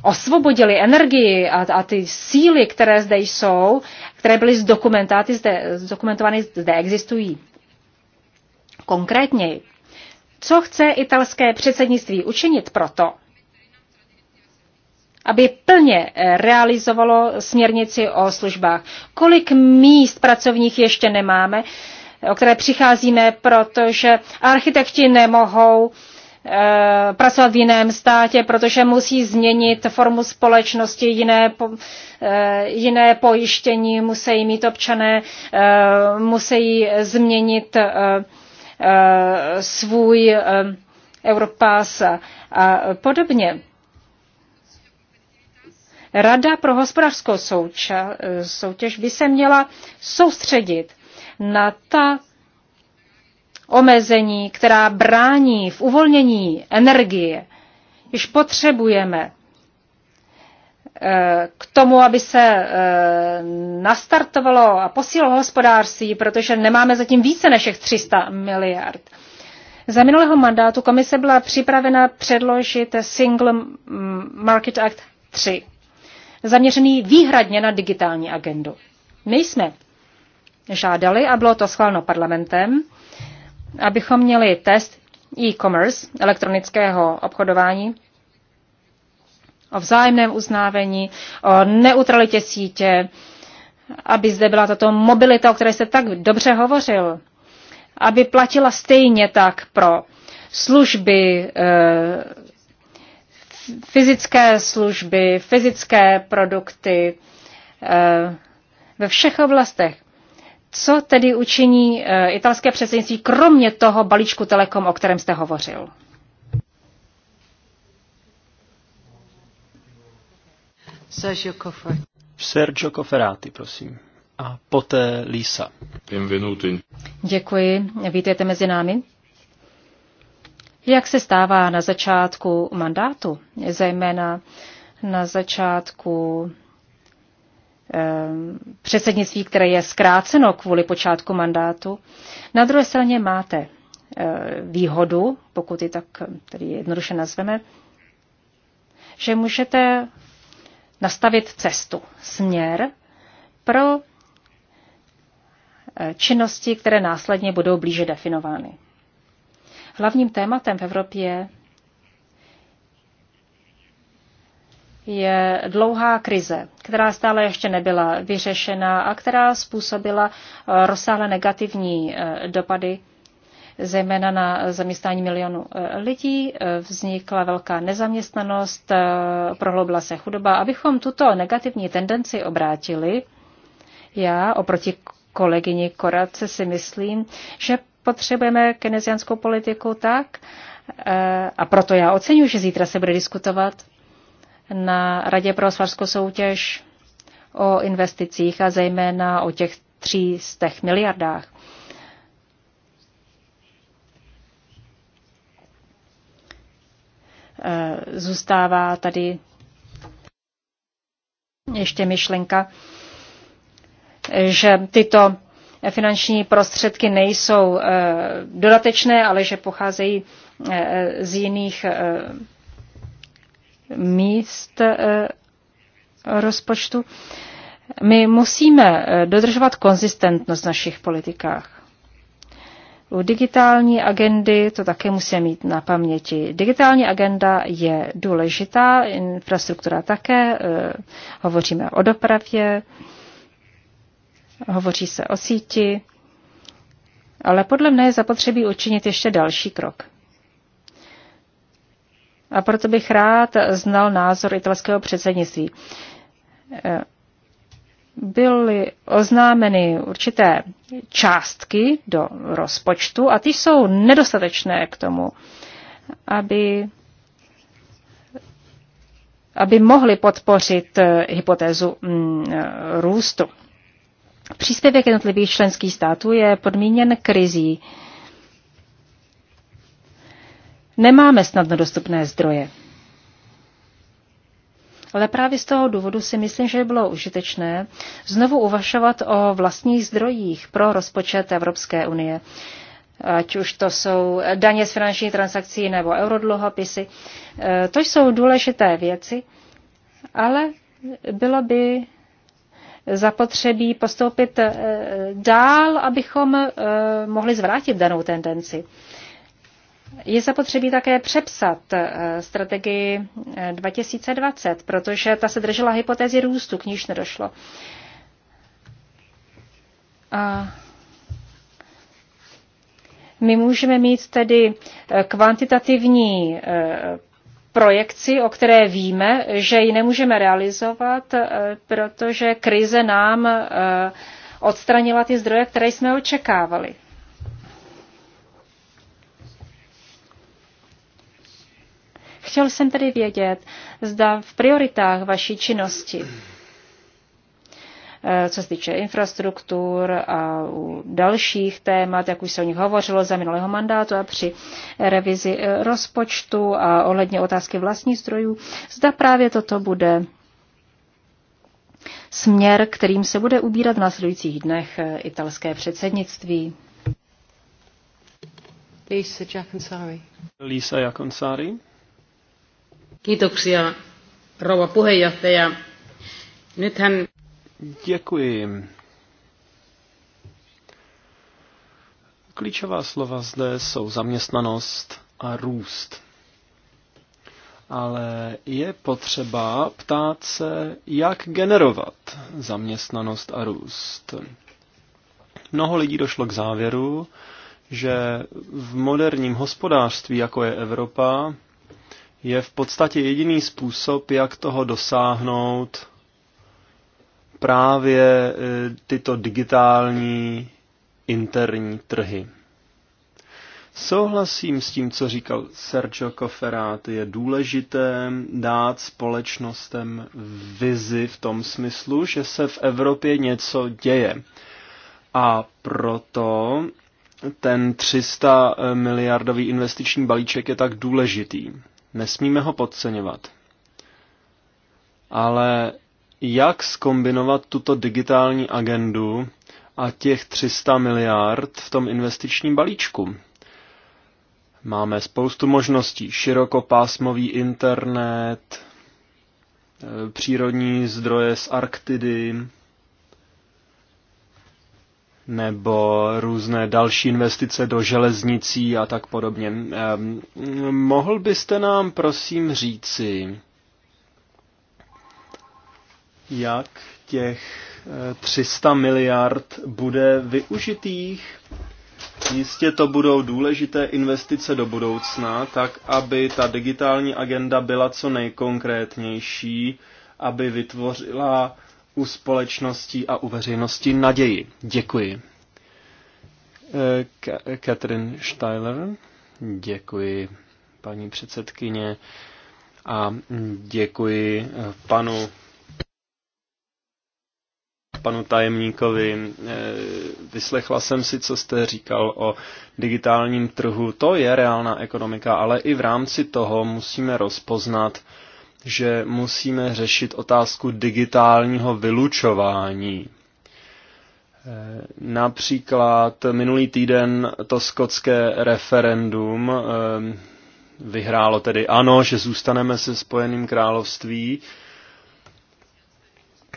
osvobodili energii a, a ty síly, které zde jsou, které byly zdokumentáty, zde, zdokumentovány, zde existují. konkrétně. Co chce italské předsednictví učinit proto, aby plně realizovalo směrnici o službách? Kolik míst pracovních ještě nemáme, o které přicházíme, protože architekti nemohou eh, pracovat v jiném státě, protože musí změnit formu společnosti, jiné, po, eh, jiné pojištění musí mít občané, eh, musí změnit Eh, svůj eh, Europass a podobně. Rada pro hospodářskou souča, eh, soutěž by se měla soustředit na ta omezení, která brání v uvolnění energie, již potřebujeme k tomu, aby se e, nastartovalo a posílilo hospodářství, protože nemáme zatím více než 300 miliard. Za minulého mandátu komise byla připravena předložit Single Market Act 3, zaměřený výhradně na digitální agendu. My jsme žádali, a bylo to schváleno parlamentem, abychom měli test e-commerce, elektronického obchodování, o vzájemném uznávání, o neutralitě sítě, aby zde byla tato mobilita, o které se tak dobře hovořil, aby platila stejně tak pro služby, eh, fyzické služby, fyzické produkty eh, ve všech oblastech. Co tedy učiní eh, italské předsednictví, kromě toho balíčku Telekom, o kterém jste hovořil? Sergio Cofferati. Sergio Cofferati, prosím. A poté Lisa. Děkuji. Vítejte mezi námi. Jak se stává na začátku mandátu, zejména na začátku ehm, předsednictví, které je zkráceno kvůli počátku mandátu. Na druhé straně máte eh, výhodu, pokud ji tak tedy jednoduše nazveme, že můžete nastavit cestu, směr pro eh, činnosti, které následně budou blíže definovány. Hlavním tématem v Evropě je dlouhá krize, která stále ještě nebyla vyřešena a která způsobila eh, rozsáhlé negativní eh, dopady zejména na zaměstnání milionů eh, lidí. Eh, vznikla velká nezaměstnanost, eh, prohloubila se chudoba. Abychom tuto negativní tendenci obrátili, já oproti kolegyni Koradce si myslím, že potřebujeme kenezianskou politiku tak, a proto já oceňuji, že zítra se bude diskutovat na Radě pro svarskou soutěž o investicích a zejména o těch 300 miliardách. Eh, zůstává tady ještě myšlenka, že tyto finanční prostředky nejsou eh, dodatečné, ale že pocházejí eh, z jiných míst rozpočtu. My musíme dodržovat konzistentnost v našich politikách. U digitální agendy to také musíme mít na paměti. Digitální agenda je důležitá, infrastruktura také, eh, hovoříme o dopravě, hovoří se o síti, ale podle mne je zapotřebí učinit ještě další krok. A proto bych rád znal názor italského předsednictví. Eh, byly oznámeny určité částky do rozpočtu a ty jsou nedostatečné k tomu, aby, aby mohly podpořit eh, hypotézu mm, eh, růstu. Příspěvek jednotlivých členských států je podmíněn krizí. Nemáme snadno dostupné zdroje ale právě z toho důvodu si myslím, že bylo užitečné znovu uvažovat o vlastních zdrojích pro rozpočet Evropské unie. Ať už to jsou daně z finančních transakcí nebo eurodluhopisy. E, to jsou důležité věci, ale bylo by zapotřebí postoupit e, dál, abychom e, mohli zvrátit danou tendenci. Je zapotřebí také přepsat eh, strategii 2020, eh, protože ta se držela hypotézy růstu, k níž nedošlo. A my můžeme mít tedy eh, kvantitativní projekci, o které víme, že ji nemůžeme realizovat, protože krize nám odstranila ty zdroje, které jsme očekávali. Chtěl jsem tedy vědět, zda v prioritách vaší činnosti, eh, co se týče infrastruktur a u dalších témat, jak už se o nich hovořilo za minulého mandátu a při revizi eh, rozpočtu a ohledně otázky vlastních zdrojů, zda právě toto bude směr, kterým se bude ubírat v následujících dnech eh, italské předsednictví. Lisa Jaconsari. Lisa Jaconsari. Kiitoksia, rouva puheenjohtaja. Nythän... Děkuji. Klíčová slova zde jsou zaměstnanost a růst. Ale je potřeba ptát se, jak generovat zaměstnanost a růst. Mnoho lidí došlo k závěru, že v moderním hospodářství, jako je Evropa, je v podstatě jediný způsob, jak toho dosáhnout právě e, tyto digitální interní trhy. Souhlasím s tím, co říkal Sergio Koferát. Je důležité dát společnostem vizi v tom smyslu, že se v Evropě něco děje. A proto ten 300 miliardový investiční balíček je tak důležitý. Nesmíme ho podceňovat. Ale jak skombinovat tuto digitální agendu a těch 300 miliard v tom investičním balíčku? Máme spoustu možností. Širokopásmový internet, e, přírodní zdroje z Arktidy, nebo různé další investice do železnicí a tak podobně. Mohl byste nám prosím říci, jak těch 300 eh, miliard bude využitých? Jistě to budou důležité investice do budoucna, tak aby ta digitální agenda byla co nejkonkrétnější, aby vytvořila u společnosti a u veřejnosti naději. Děkuji. Eh, Katrin Steiler, děkuji paní předsedkyně a děkuji eh, panu panu tajemníkovi. Eh, vyslechla jsem si, co jste říkal o digitálním trhu. To je reálná ekonomika, ale i v rámci toho musíme rozpoznat, že musíme řešit otázku digitálního vylučování. E, například minulý týden to skotské referendum e, vyhrálo tedy ano, že zůstaneme se Spojeným království,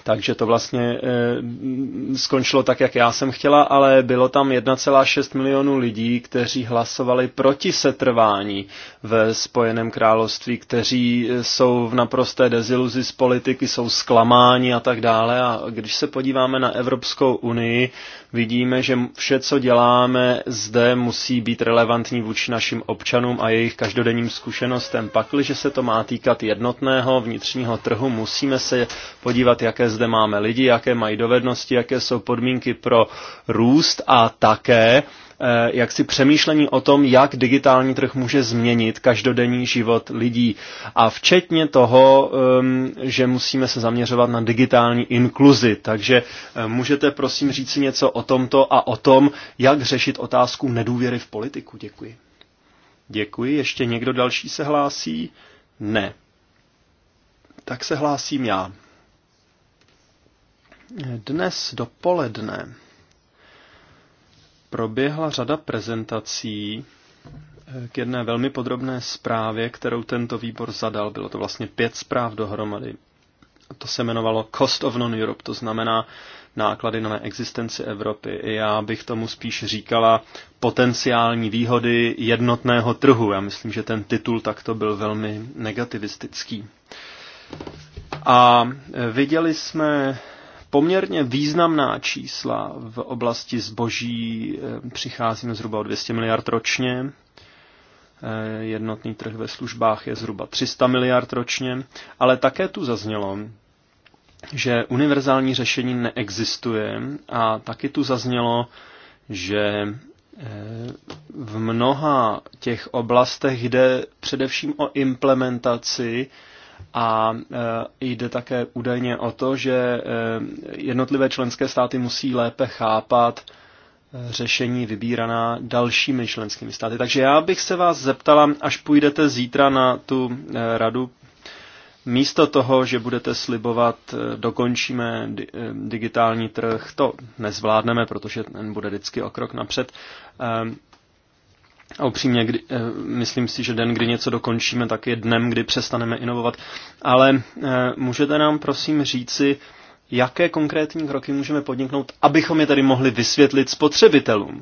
takže to vlastně eh, skončilo tak, jak já jsem chtěla, ale bylo tam 1,6 milionů lidí, kteří hlasovali proti setrvání ve Spojeném království, kteří eh, jsou v naprosté deziluzi z politiky, jsou zklamáni a tak dále. A když se podíváme na Evropskou unii, vidíme, že vše, co děláme zde, musí být relevantní vůči našim občanům a jejich každodenním zkušenostem. že se to má týkat jednotného vnitřního trhu, musíme se podívat, jaké zde máme lidi, jaké mají dovednosti, jaké jsou podmínky pro růst a také eh, jak si přemýšlení o tom, jak digitální trh může změnit každodenní život lidí. A včetně toho, ehm, že musíme se zaměřovat na digitální inkluzi. Takže eh, můžete prosím říct něco o tomto a o tom, jak řešit otázku nedůvěry v politiku. Děkuji. Děkuji. Ještě někdo další se hlásí? Ne. Tak se hlásím já. Dnes dopoledne proběhla řada prezentací eh, k jedné velmi podrobné zprávě, kterou tento výbor zadal. Bylo to vlastně pět zpráv dohromady. To se jmenovalo Cost of Non-Europe, to znamená náklady na neexistenci Evropy. Já bych tomu spíš říkala potenciální výhody jednotného trhu. Já myslím, že ten titul takto byl velmi negativistický. A viděli jsme poměrně významná čísla v oblasti zboží. Eh, Přicházíme zhruba o 200 miliard ročně. Eh, jednotný trh ve službách je zhruba 300 miliard ročně. Ale také tu zaznělo, že univerzální řešení neexistuje a taky tu zaznělo, že eh, v mnoha těch oblastech jde především o implementaci a e, jde také údajně o to, že e, jednotlivé členské státy musí lépe chápat e, řešení vybíraná dalšími členskými státy. Takže já bych se vás zeptala, až půjdete zítra na tu radu, místo toho, že budete slibovat, dokončíme digitální trh, to nezvládneme, protože ten bude vždycky o krok napřed, Opřímně, kdy, eh, myslím si, že den, kdy něco dokončíme, tak je dnem, kdy přestaneme inovovat. Ale eh, můžete nám prosím říci, jaké konkrétní kroky můžeme podniknout, abychom je tady mohli vysvětlit spotřebitelům?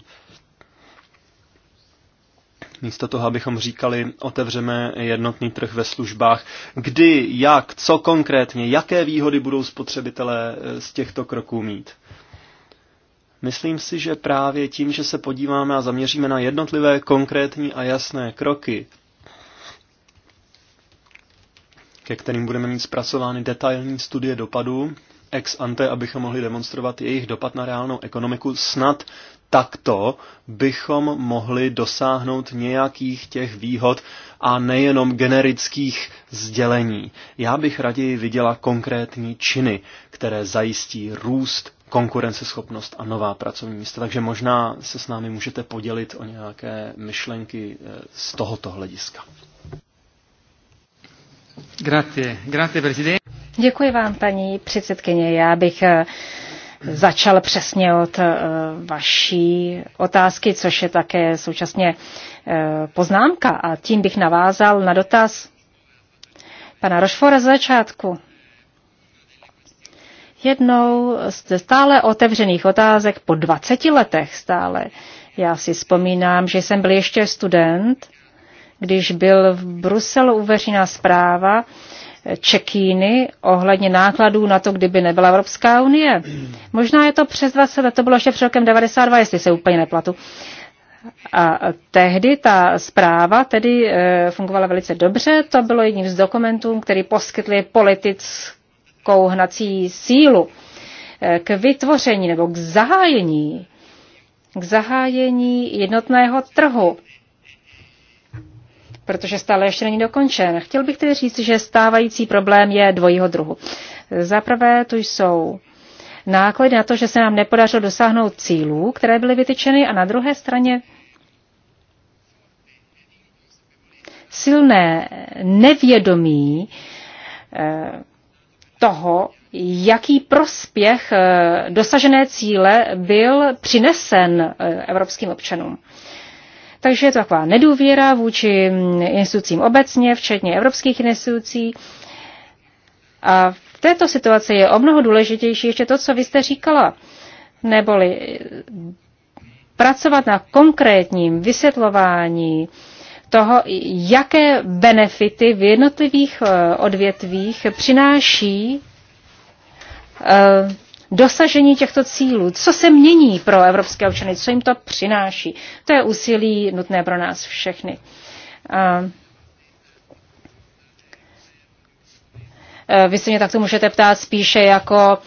místo toho, abychom říkali, otevřeme jednotný trh ve službách, kdy, jak, co konkrétně, jaké výhody budou spotřebitelé eh, z těchto kroků mít. Myslím si, že právě tím, že se podíváme a zaměříme na jednotlivé, konkrétní a jasné kroky, ke kterým budeme mít zpracovány detailní studie dopadů ex ante, abychom mohli demonstrovat jejich dopad na reálnou ekonomiku, snad takto bychom mohli dosáhnout nějakých těch výhod a nejenom generických sdělení. Já bych raději viděla konkrétní činy, které zajistí růst konkurenceschopnost a nová pracovní místa. Takže možná se s námi můžete podělit o nějaké myšlenky eh, z tohoto hlediska. Grazie, grazie presidente. Děkuji vám, paní předsedkyně. Já bych eh, začal přesně od eh, vaší otázky, což je také současně poznámka. A tím bych navázal na dotaz pana Rošfora z začátku jednou ze stále otevřených otázek po 20 letech stále. Já si vzpomínám, že jsem byl ještě student, když byl v Bruselu uveřejná zpráva Čekýny ohledně nákladů na to, kdyby nebyla Evropská unie. Možná je to přes 20 let, to bylo ještě před rokem 92, jestli se úplně neplatu. A tehdy ta zpráva tedy eh, fungovala velice dobře, to bylo jedním z dokumentů, který poskytli politické velkou hnací sílu eh, k vytvoření nebo k zahájení, k zahájení jednotného trhu, protože stále ještě není dokončen. Chtěl bych tedy říct, že stávající problém je dvojího druhu. Za prvé tu jsou náklady na to, že se nám nepodařilo dosáhnout cílů, které byly vytyčeny, a na druhé straně silné nevědomí eh, toho, jaký prospěch eh, dosažené cíle byl přinesen eh, evropským občanům. Takže je to taková nedůvěra vůči mm, institucím obecně, včetně evropských institucí. A v této situaci je o mnoho důležitější ještě to, co vy jste říkala, neboli pracovat na konkrétním vysvětlování toho, jaké benefity v jednotlivých eh, odvětvích přináší eh, dosažení těchto cílů. Co se mění pro evropské občany, co jim to přináší. To je úsilí nutné pro nás všechny. Eh, vy se mě takto můžete ptát spíše jako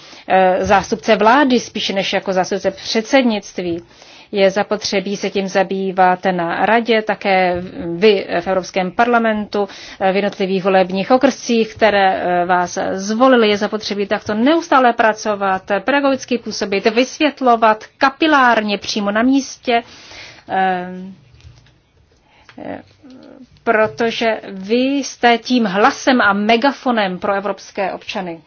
zástupce vlády, spíše než jako zástupce předsednictví. Je zapotřebí se tím zabývat na radě, také vy v Evropském parlamentu, eh, v jednotlivých volebních okrscích, které eh, vás zvolili. Je zapotřebí takto neustále pracovat, pedagogicky působit, vysvětlovat kapilárně přímo na místě eh, protože vy jste tím hlasem a megafonem pro evropské občany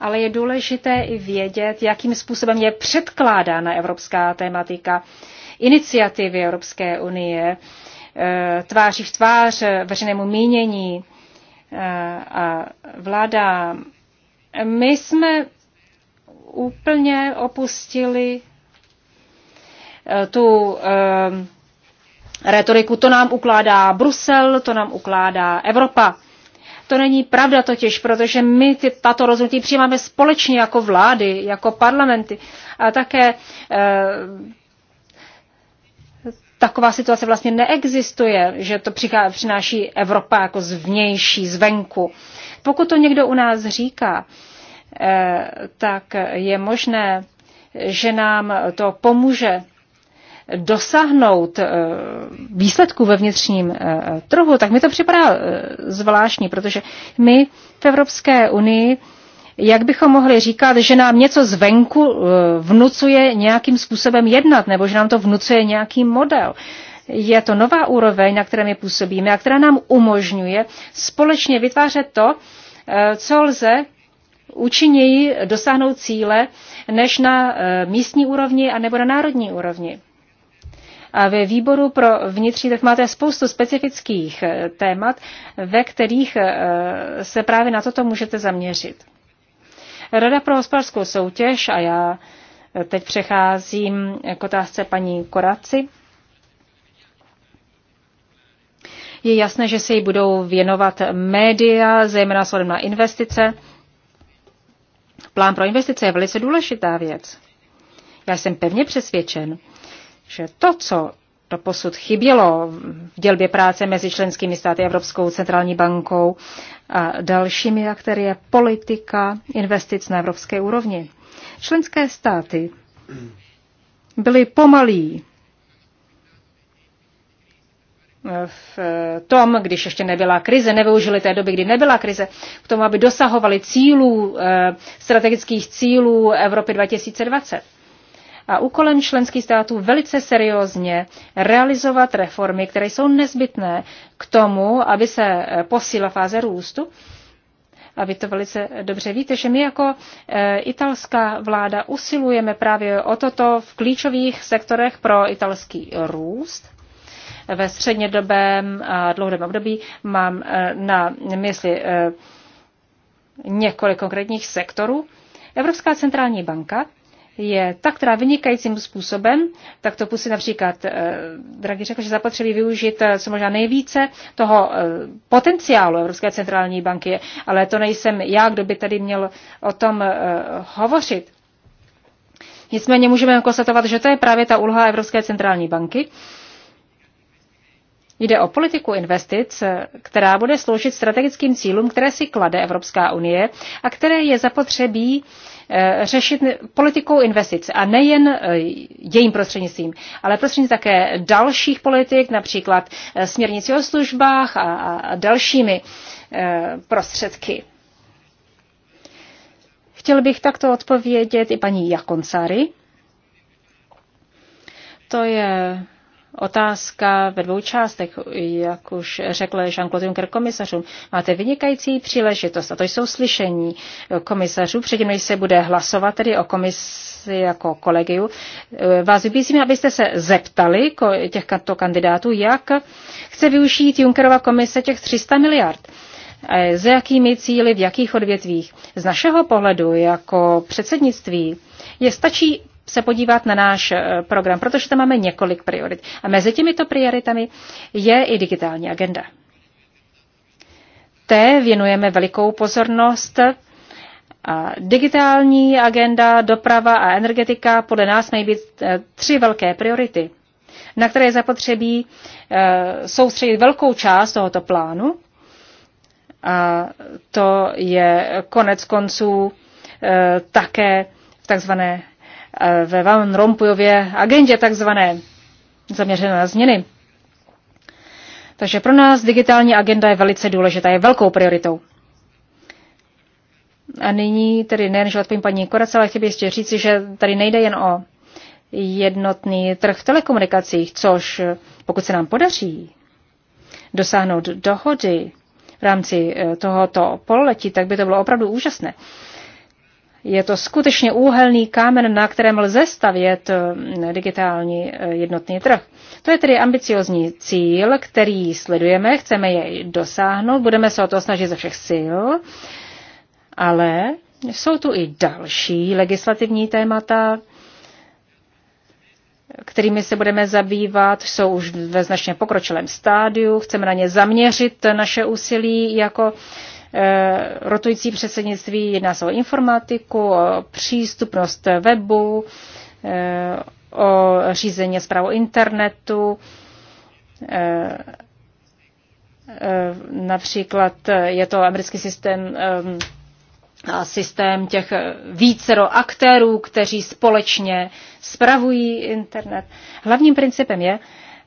ale je důležité i vědět, jakým způsobem je předkládána evropská tématika iniciativy Evropské unie e, tváří v tvář veřejnému mínění e, a vláda. My jsme úplně opustili e, tu retoriku, to nám ukládá Brusel, to nám ukládá Evropa. To není pravda totiž, protože my ty, tato rozhodnutí přijímáme společně jako vlády, jako parlamenty a také e, taková situace vlastně neexistuje, že to přináší Evropa jako zvnější, zvenku. Pokud to někdo u nás říká, eh, tak je možné, že nám to pomůže dosáhnout eh, výsledku ve vnitřním eh, trhu, tak mi to připadá eh, zvláštní, protože my v Evropské unii jak bychom mohli říkat, že nám něco zvenku vnucuje nějakým způsobem jednat, nebo že nám to vnucuje nějaký model. Je to nová úroveň, na které my působíme a která nám umožňuje společně vytvářet to, co lze účinněji dosáhnout cíle než na místní úrovni a nebo na národní úrovni. A ve výboru pro vnitřní tak máte spoustu specifických eh, témat, ve kterých eh, se právě na toto můžete zaměřit. Rada pro hospodářskou soutěž a já eh, teď přecházím k otázce paní Koraci. Je jasné, že se jí budou věnovat média, zejména s na investice. Plán pro investice je velice důležitá věc. Já jsem pevně přesvědčen, že to, co posud chybělo v dělbě práce mezi členskými státy Evropskou centrální bankou a dalšími aktéry je politika investic na evropské úrovni. Členské státy byly pomalí v tom, když ještě nebyla krize, nevyužili té doby, kdy nebyla krize, k tomu, aby dosahovali cílů, eh, strategických cílů Evropy 2020 a úkolem členských států velice seriózně realizovat reformy, které jsou nezbytné k tomu, aby se posíla fáze růstu. A vy to velice dobře víte, že my jako e, italská vláda usilujeme právě o toto v klíčových sektorech pro italský růst ve střednědobém a dlouhodobém období. Mám e, na mysli e, několik konkrétních sektorů. Evropská centrální banka je ta, která vynikajícím způsobem, tak to pusy například eh, Draghi řekl, že zapotřebí využít eh, co možná nejvíce toho eh, potenciálu Evropské centrální banky, ale to nejsem já, kdo by tady měl o tom eh, hovořit. Nicméně můžeme konstatovat, že to je právě ta úloha Evropské centrální banky. Jde o politiku investic, eh, která bude sloužit strategickým cílům, které si klade Evropská unie a které je zapotřebí eh, Eh, řešit politikou investic a nejen eh, jejím prostřednictvím, ale prostřednictvím také dalších politik, například eh, směrnici o službách a dalšími prostředky. Chtěl bych takto odpovědět i paní Jakoncary. To je Otázka ve dvou částech, jak už řekl Jean-Claude Juncker komisařům. Máte vynikající příležitost, a to jsou slyšení komisařů, předtím, než se bude hlasovat tedy o komisi jako kolegiu. Vás vybízím, abyste se zeptali těchto kandidátů, jak chce využít Junckerova komise těch 300 miliard s jakými cíly, v jakých odvětvích. Z našeho pohledu jako předsednictví je stačí se podívat na náš eh, program, protože tam máme několik priorit. A mezi těmito prioritami je i digitální agenda. Té věnujeme velikou pozornost. A digitální agenda, doprava a energetika podle nás mají být eh, tři velké priority, na které je zapotřebí eh, soustředit velkou část tohoto plánu. A to je konec konců také v takzvané Eh, ve Van Rompuyově agendě takzvané zaměřené na změny. Takže pro nás digitální agenda je velice důležitá, je velkou prioritou. A nyní tedy nejen, že odpovím paní Korac, ale chtěl bych ještě říci, že tady nejde jen o jednotný trh v telekomunikacích, což pokud se nám podaří dosáhnout dohody v rámci eh, tohoto pololetí, tak by to bylo opravdu úžasné. Je to skutečně úhelný kámen, na kterém lze stavět eh, digitální eh, jednotný trh. To je tedy ambiciozní cíl, který sledujeme, chceme jej dosáhnout, budeme se o to snažit ze všech sil, ale jsou tu i další legislativní témata, kterými se budeme zabývat, jsou už ve značně pokročilém stádiu, chceme na ně zaměřit naše úsilí jako Eh, rotující předsednictví, jedná se o informatiku, o přístupnost webu, eh, o řízení zprávu internetu, eh, například je to americký systém systém těch vícero aktérů, kteří společně spravují internet. Hlavním principem je,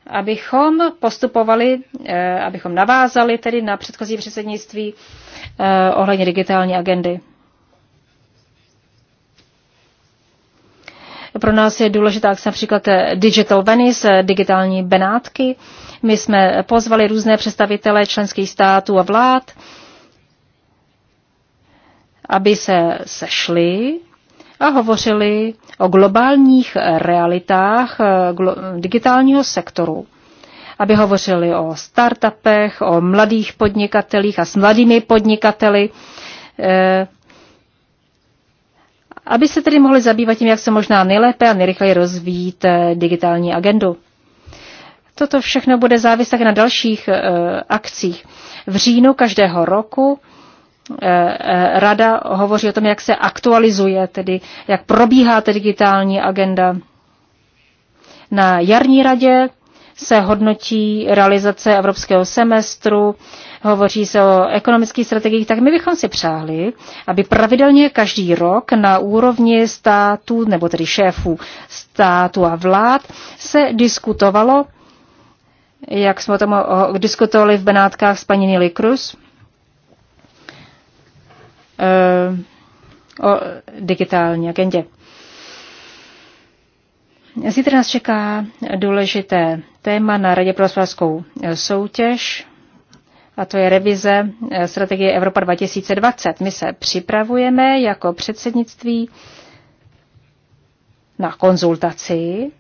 abychom postupovali, eh, abychom navázali tedy na předchozí předsednictví eh, ohledně digitální agendy. Pro nás je důležitá například eh, Digital Venice, digitální Benátky. My jsme pozvali různé představitele členských států a vlád, aby se sešli a hovořili o globálních realitách eh, digitálního sektoru aby hovořili o startupech, o mladých podnikatelích a s mladými podnikateli, eh, aby se tedy mohli zabývat tím, jak se možná nejlépe a nejrychleji rozvíjet eh, digitální agendu. Toto všechno bude záviset na dalších akcích. V říjnu každého roku Eh, eh, rada hovoří o tom, jak se aktualizuje, tedy jak probíhá ta digitální agenda. Na jarní radě se hodnotí realizace evropského semestru, hovoří se o ekonomických strategiích, tak my bychom si přáli, aby pravidelně každý rok na úrovni států, nebo tedy šéfů států a vlád, se diskutovalo, jak jsme o tom diskutovali v Benátkách s paní Nili Cruz, Eh, o digitální agendě. Zítra nás čeká důležité téma na Radě pro hospodářskou eh, soutěž, a to je revize eh, strategie Evropa 2020. My se připravujeme jako předsednictví na konzultaci,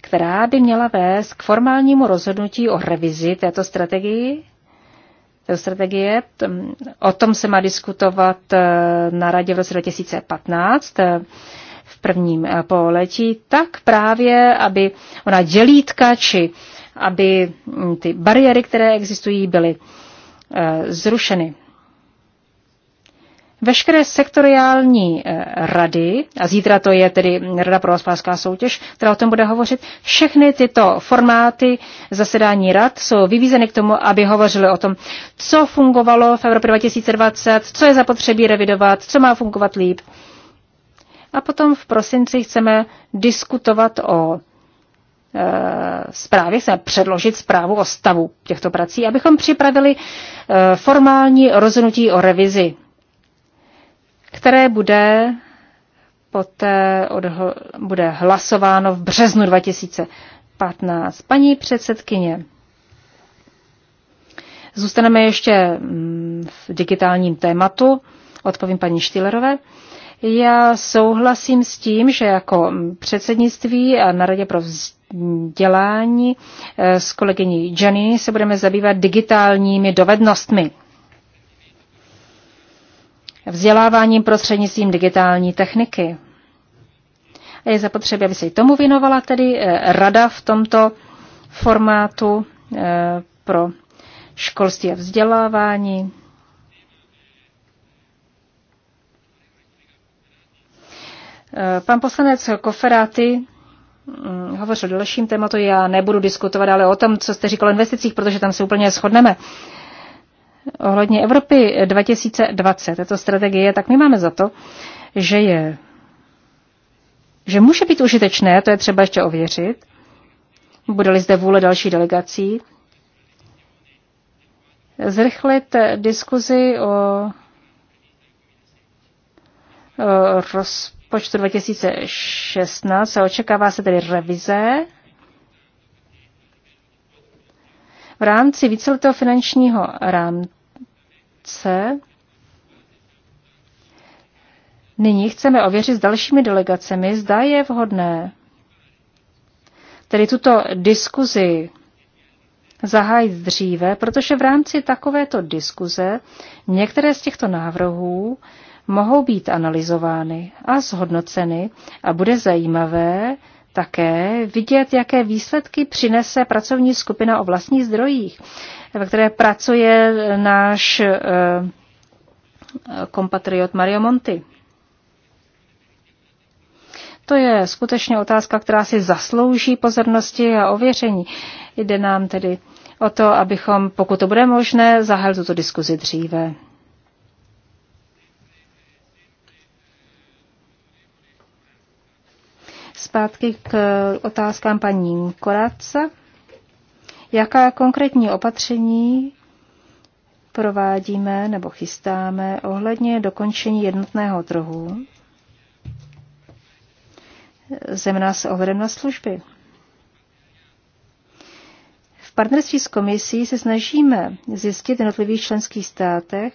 která by měla vést k formálnímu rozhodnutí o revizi této strategii strategie. O tom se má diskutovat e, na radě v roce 2015 e, v prvním e, pololetí, tak právě, aby ona dělítka či aby ty bariéry, které existují, byly zrušeny veškeré sektoriální eh, rady, a zítra to je tedy Rada pro hospodářská soutěž, která o tom bude hovořit, všechny tyto formáty zasedání rad jsou vyvízeny k tomu, aby hovořili o tom, co fungovalo v Evropě 2020, co je zapotřebí revidovat, co má fungovat líp. A potom v prosinci chceme diskutovat o eh, zprávě, chceme předložit zprávu o stavu těchto prací, abychom připravili eh, formální rozhodnutí o revizi které bude poté odhl- bude hlasováno v březnu 2015. Paní předsedkyně, zůstaneme ještě mm, v digitálním tématu, odpovím paní Štilerové. Já souhlasím s tím, že jako předsednictví a na Radě pro vzdělání eh, s kolegyní Jenny se budeme zabývat digitálními dovednostmi vzděláváním prostřednictvím digitální techniky. Je zapotřebí, aby se i tomu věnovala tedy eh, rada v tomto formátu eh, pro školství a vzdělávání. Eh, pan poslanec Koferáty mm, hovořil o dalším tématu. Já nebudu diskutovat ale o tom, co jste říkal o investicích, protože tam se úplně shodneme ohledně Evropy 2020, této strategie, tak my máme za to, že je že může být užitečné, to je třeba ještě ověřit, bude-li zde vůle další delegací, zrychlit diskuzi o rozpočtu 2016 a očekává se tedy revize v rámci víceletého finančního rám, otce. Nyní chceme ověřit s dalšími delegacemi, zda je vhodné tedy tuto diskuzi zahájit dříve, protože v rámci takovéto diskuze některé z těchto návrhů mohou být analyzovány a zhodnoceny a bude zajímavé také vidět, jaké výsledky přinese pracovní skupina o vlastních zdrojích, ve které pracuje náš eh, kompatriot Mario Monti. To je skutečně otázka, která si zaslouží pozornosti a ověření. Jde nám tedy o to, abychom, pokud to bude možné, zahájili tuto diskuzi dříve. Zpátky k otázkám paní Koráce. Jaká konkrétní opatření provádíme nebo chystáme ohledně dokončení jednotného trhu, zemna se ohledem na služby. V partnerství s komisí se snažíme zjistit v jednotlivých členských státech,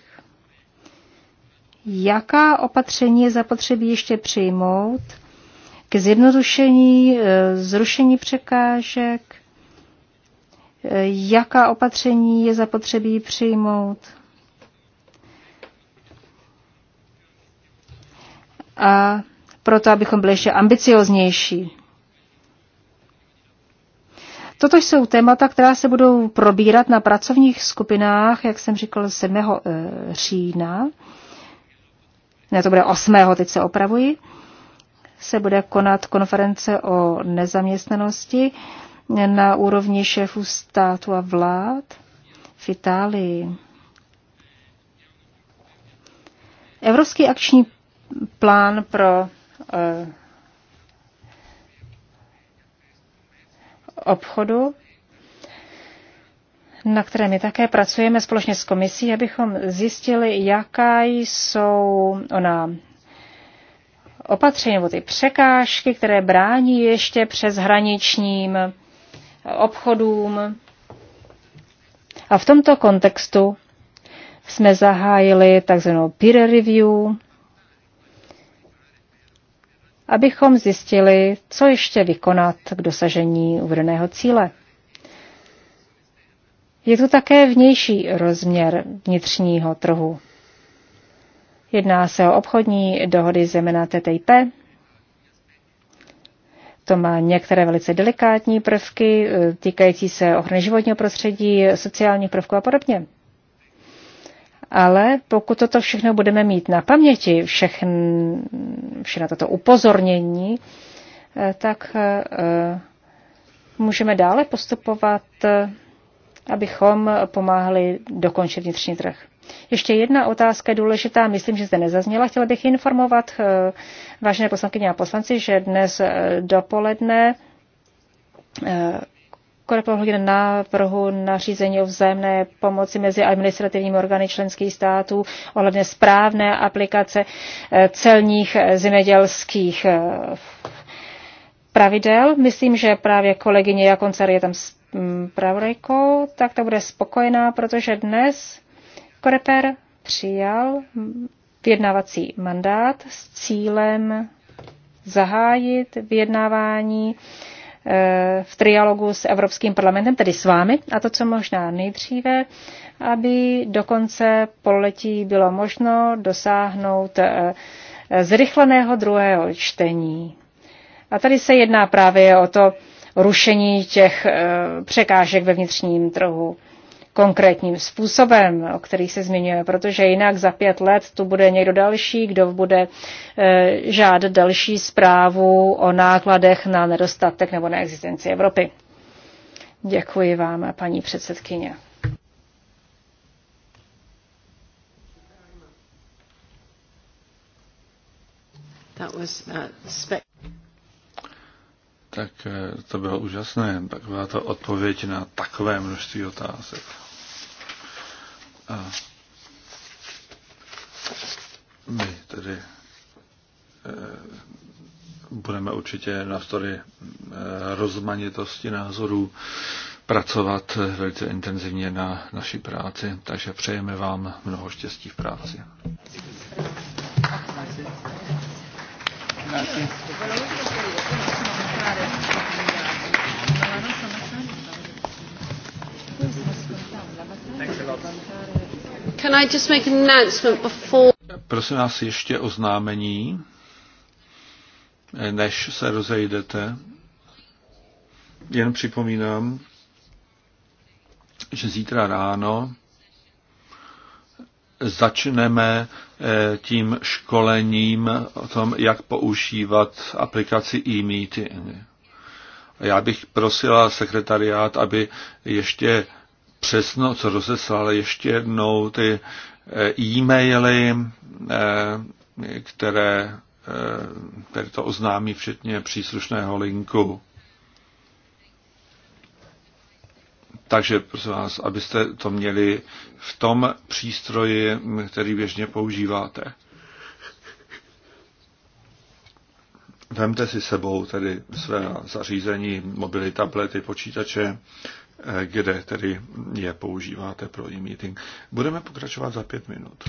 jaká opatření je zapotřebí ještě přijmout k zjednodušení, eh, zrušení překážek, eh, jaká opatření je zapotřebí přijmout. A proto, abychom byli ještě ambicioznější. Toto jsou témata, která se budou probírat na pracovních skupinách, jak jsem říkal, 7. Eh, října. Ne, to bude 8. teď se opravuji se bude konat konference o nezaměstnanosti na úrovni šéfů státu a vlád v Itálii. Evropský akční plán pro eh, obchodu, na kterém my také pracujeme společně s komisí, abychom zjistili, jaká jsou ona opatření nebo ty překážky, které brání ještě přeshraničním obchodům. A v tomto kontextu jsme zahájili takzvanou peer review, abychom zjistili, co ještě vykonat k dosažení uvedeného cíle. Je tu také vnější rozměr vnitřního trhu. Jedná se o obchodní dohody zemena TTIP. To má některé velice delikátní prvky eh, týkající se ochrany životního prostředí, sociálních prvků a podobně. Ale pokud toto všechno budeme mít na paměti, všechn, všechno toto upozornění, eh, tak eh, můžeme dále postupovat abychom pomáhali dokončit vnitřní trh. Ještě jedna otázka je důležitá, myslím, že zde nezazněla. Chtěla bych informovat eh, vážené poslankyně a poslanci, že dnes eh, dopoledne eh, Korepel na návrhu nařízení o vzájemné pomoci mezi administrativními orgány členských států ohledně správné aplikace celních zemědělských pravidel. Myslím, že právě kolegyně Jakoncer je tam Mm, pravorejkou, tak ta bude spokojená, protože dnes Koreper přijal vyjednávací mandát s cílem zahájit vyjednávání e, v trialogu s Evropským parlamentem, tedy s vámi, a to co možná nejdříve, aby do konce poletí bylo možno dosáhnout e, zrychleného druhého čtení. A tady se jedná právě o to rušení těch eh, překážek ve vnitřním trhu konkrétním způsobem, o který se zmiňuje, protože jinak za pět let tu bude někdo další, kdo bude eh, žádat další zprávu o nákladech na nedostatek nebo na existenci Evropy. Děkuji vám, paní předsedkyně. That was, uh, tak eh, to bylo úžasné, Tak byla to odpověď na takové množství otázek. A my tedy e, budeme určitě navzdory e, rozmanitosti názorů pracovat velice intenzivně na naší práci, takže přejeme vám mnoho štěstí v práci. Děkujeme. Can I just make an announcement before... Prosím vás ještě oznámení, než se rozejdete. Jen připomínám, že zítra ráno začneme eh, tím školením o tom, jak používat aplikaci e-meeting. Já bych prosila sekretariát, aby ještě přesno, co rozeslal ještě jednou ty eh, e-maily, eh, které eh, které to oznámí včetně příslušného linku. Takže prosím vás, abyste to měli v tom přístroji, který běžně používáte. Vemte si sebou tedy své zařízení, mobily, tablety, počítače Eh, kde tedy je používáte pro e-meeting. Budeme pokračovat za pět minut.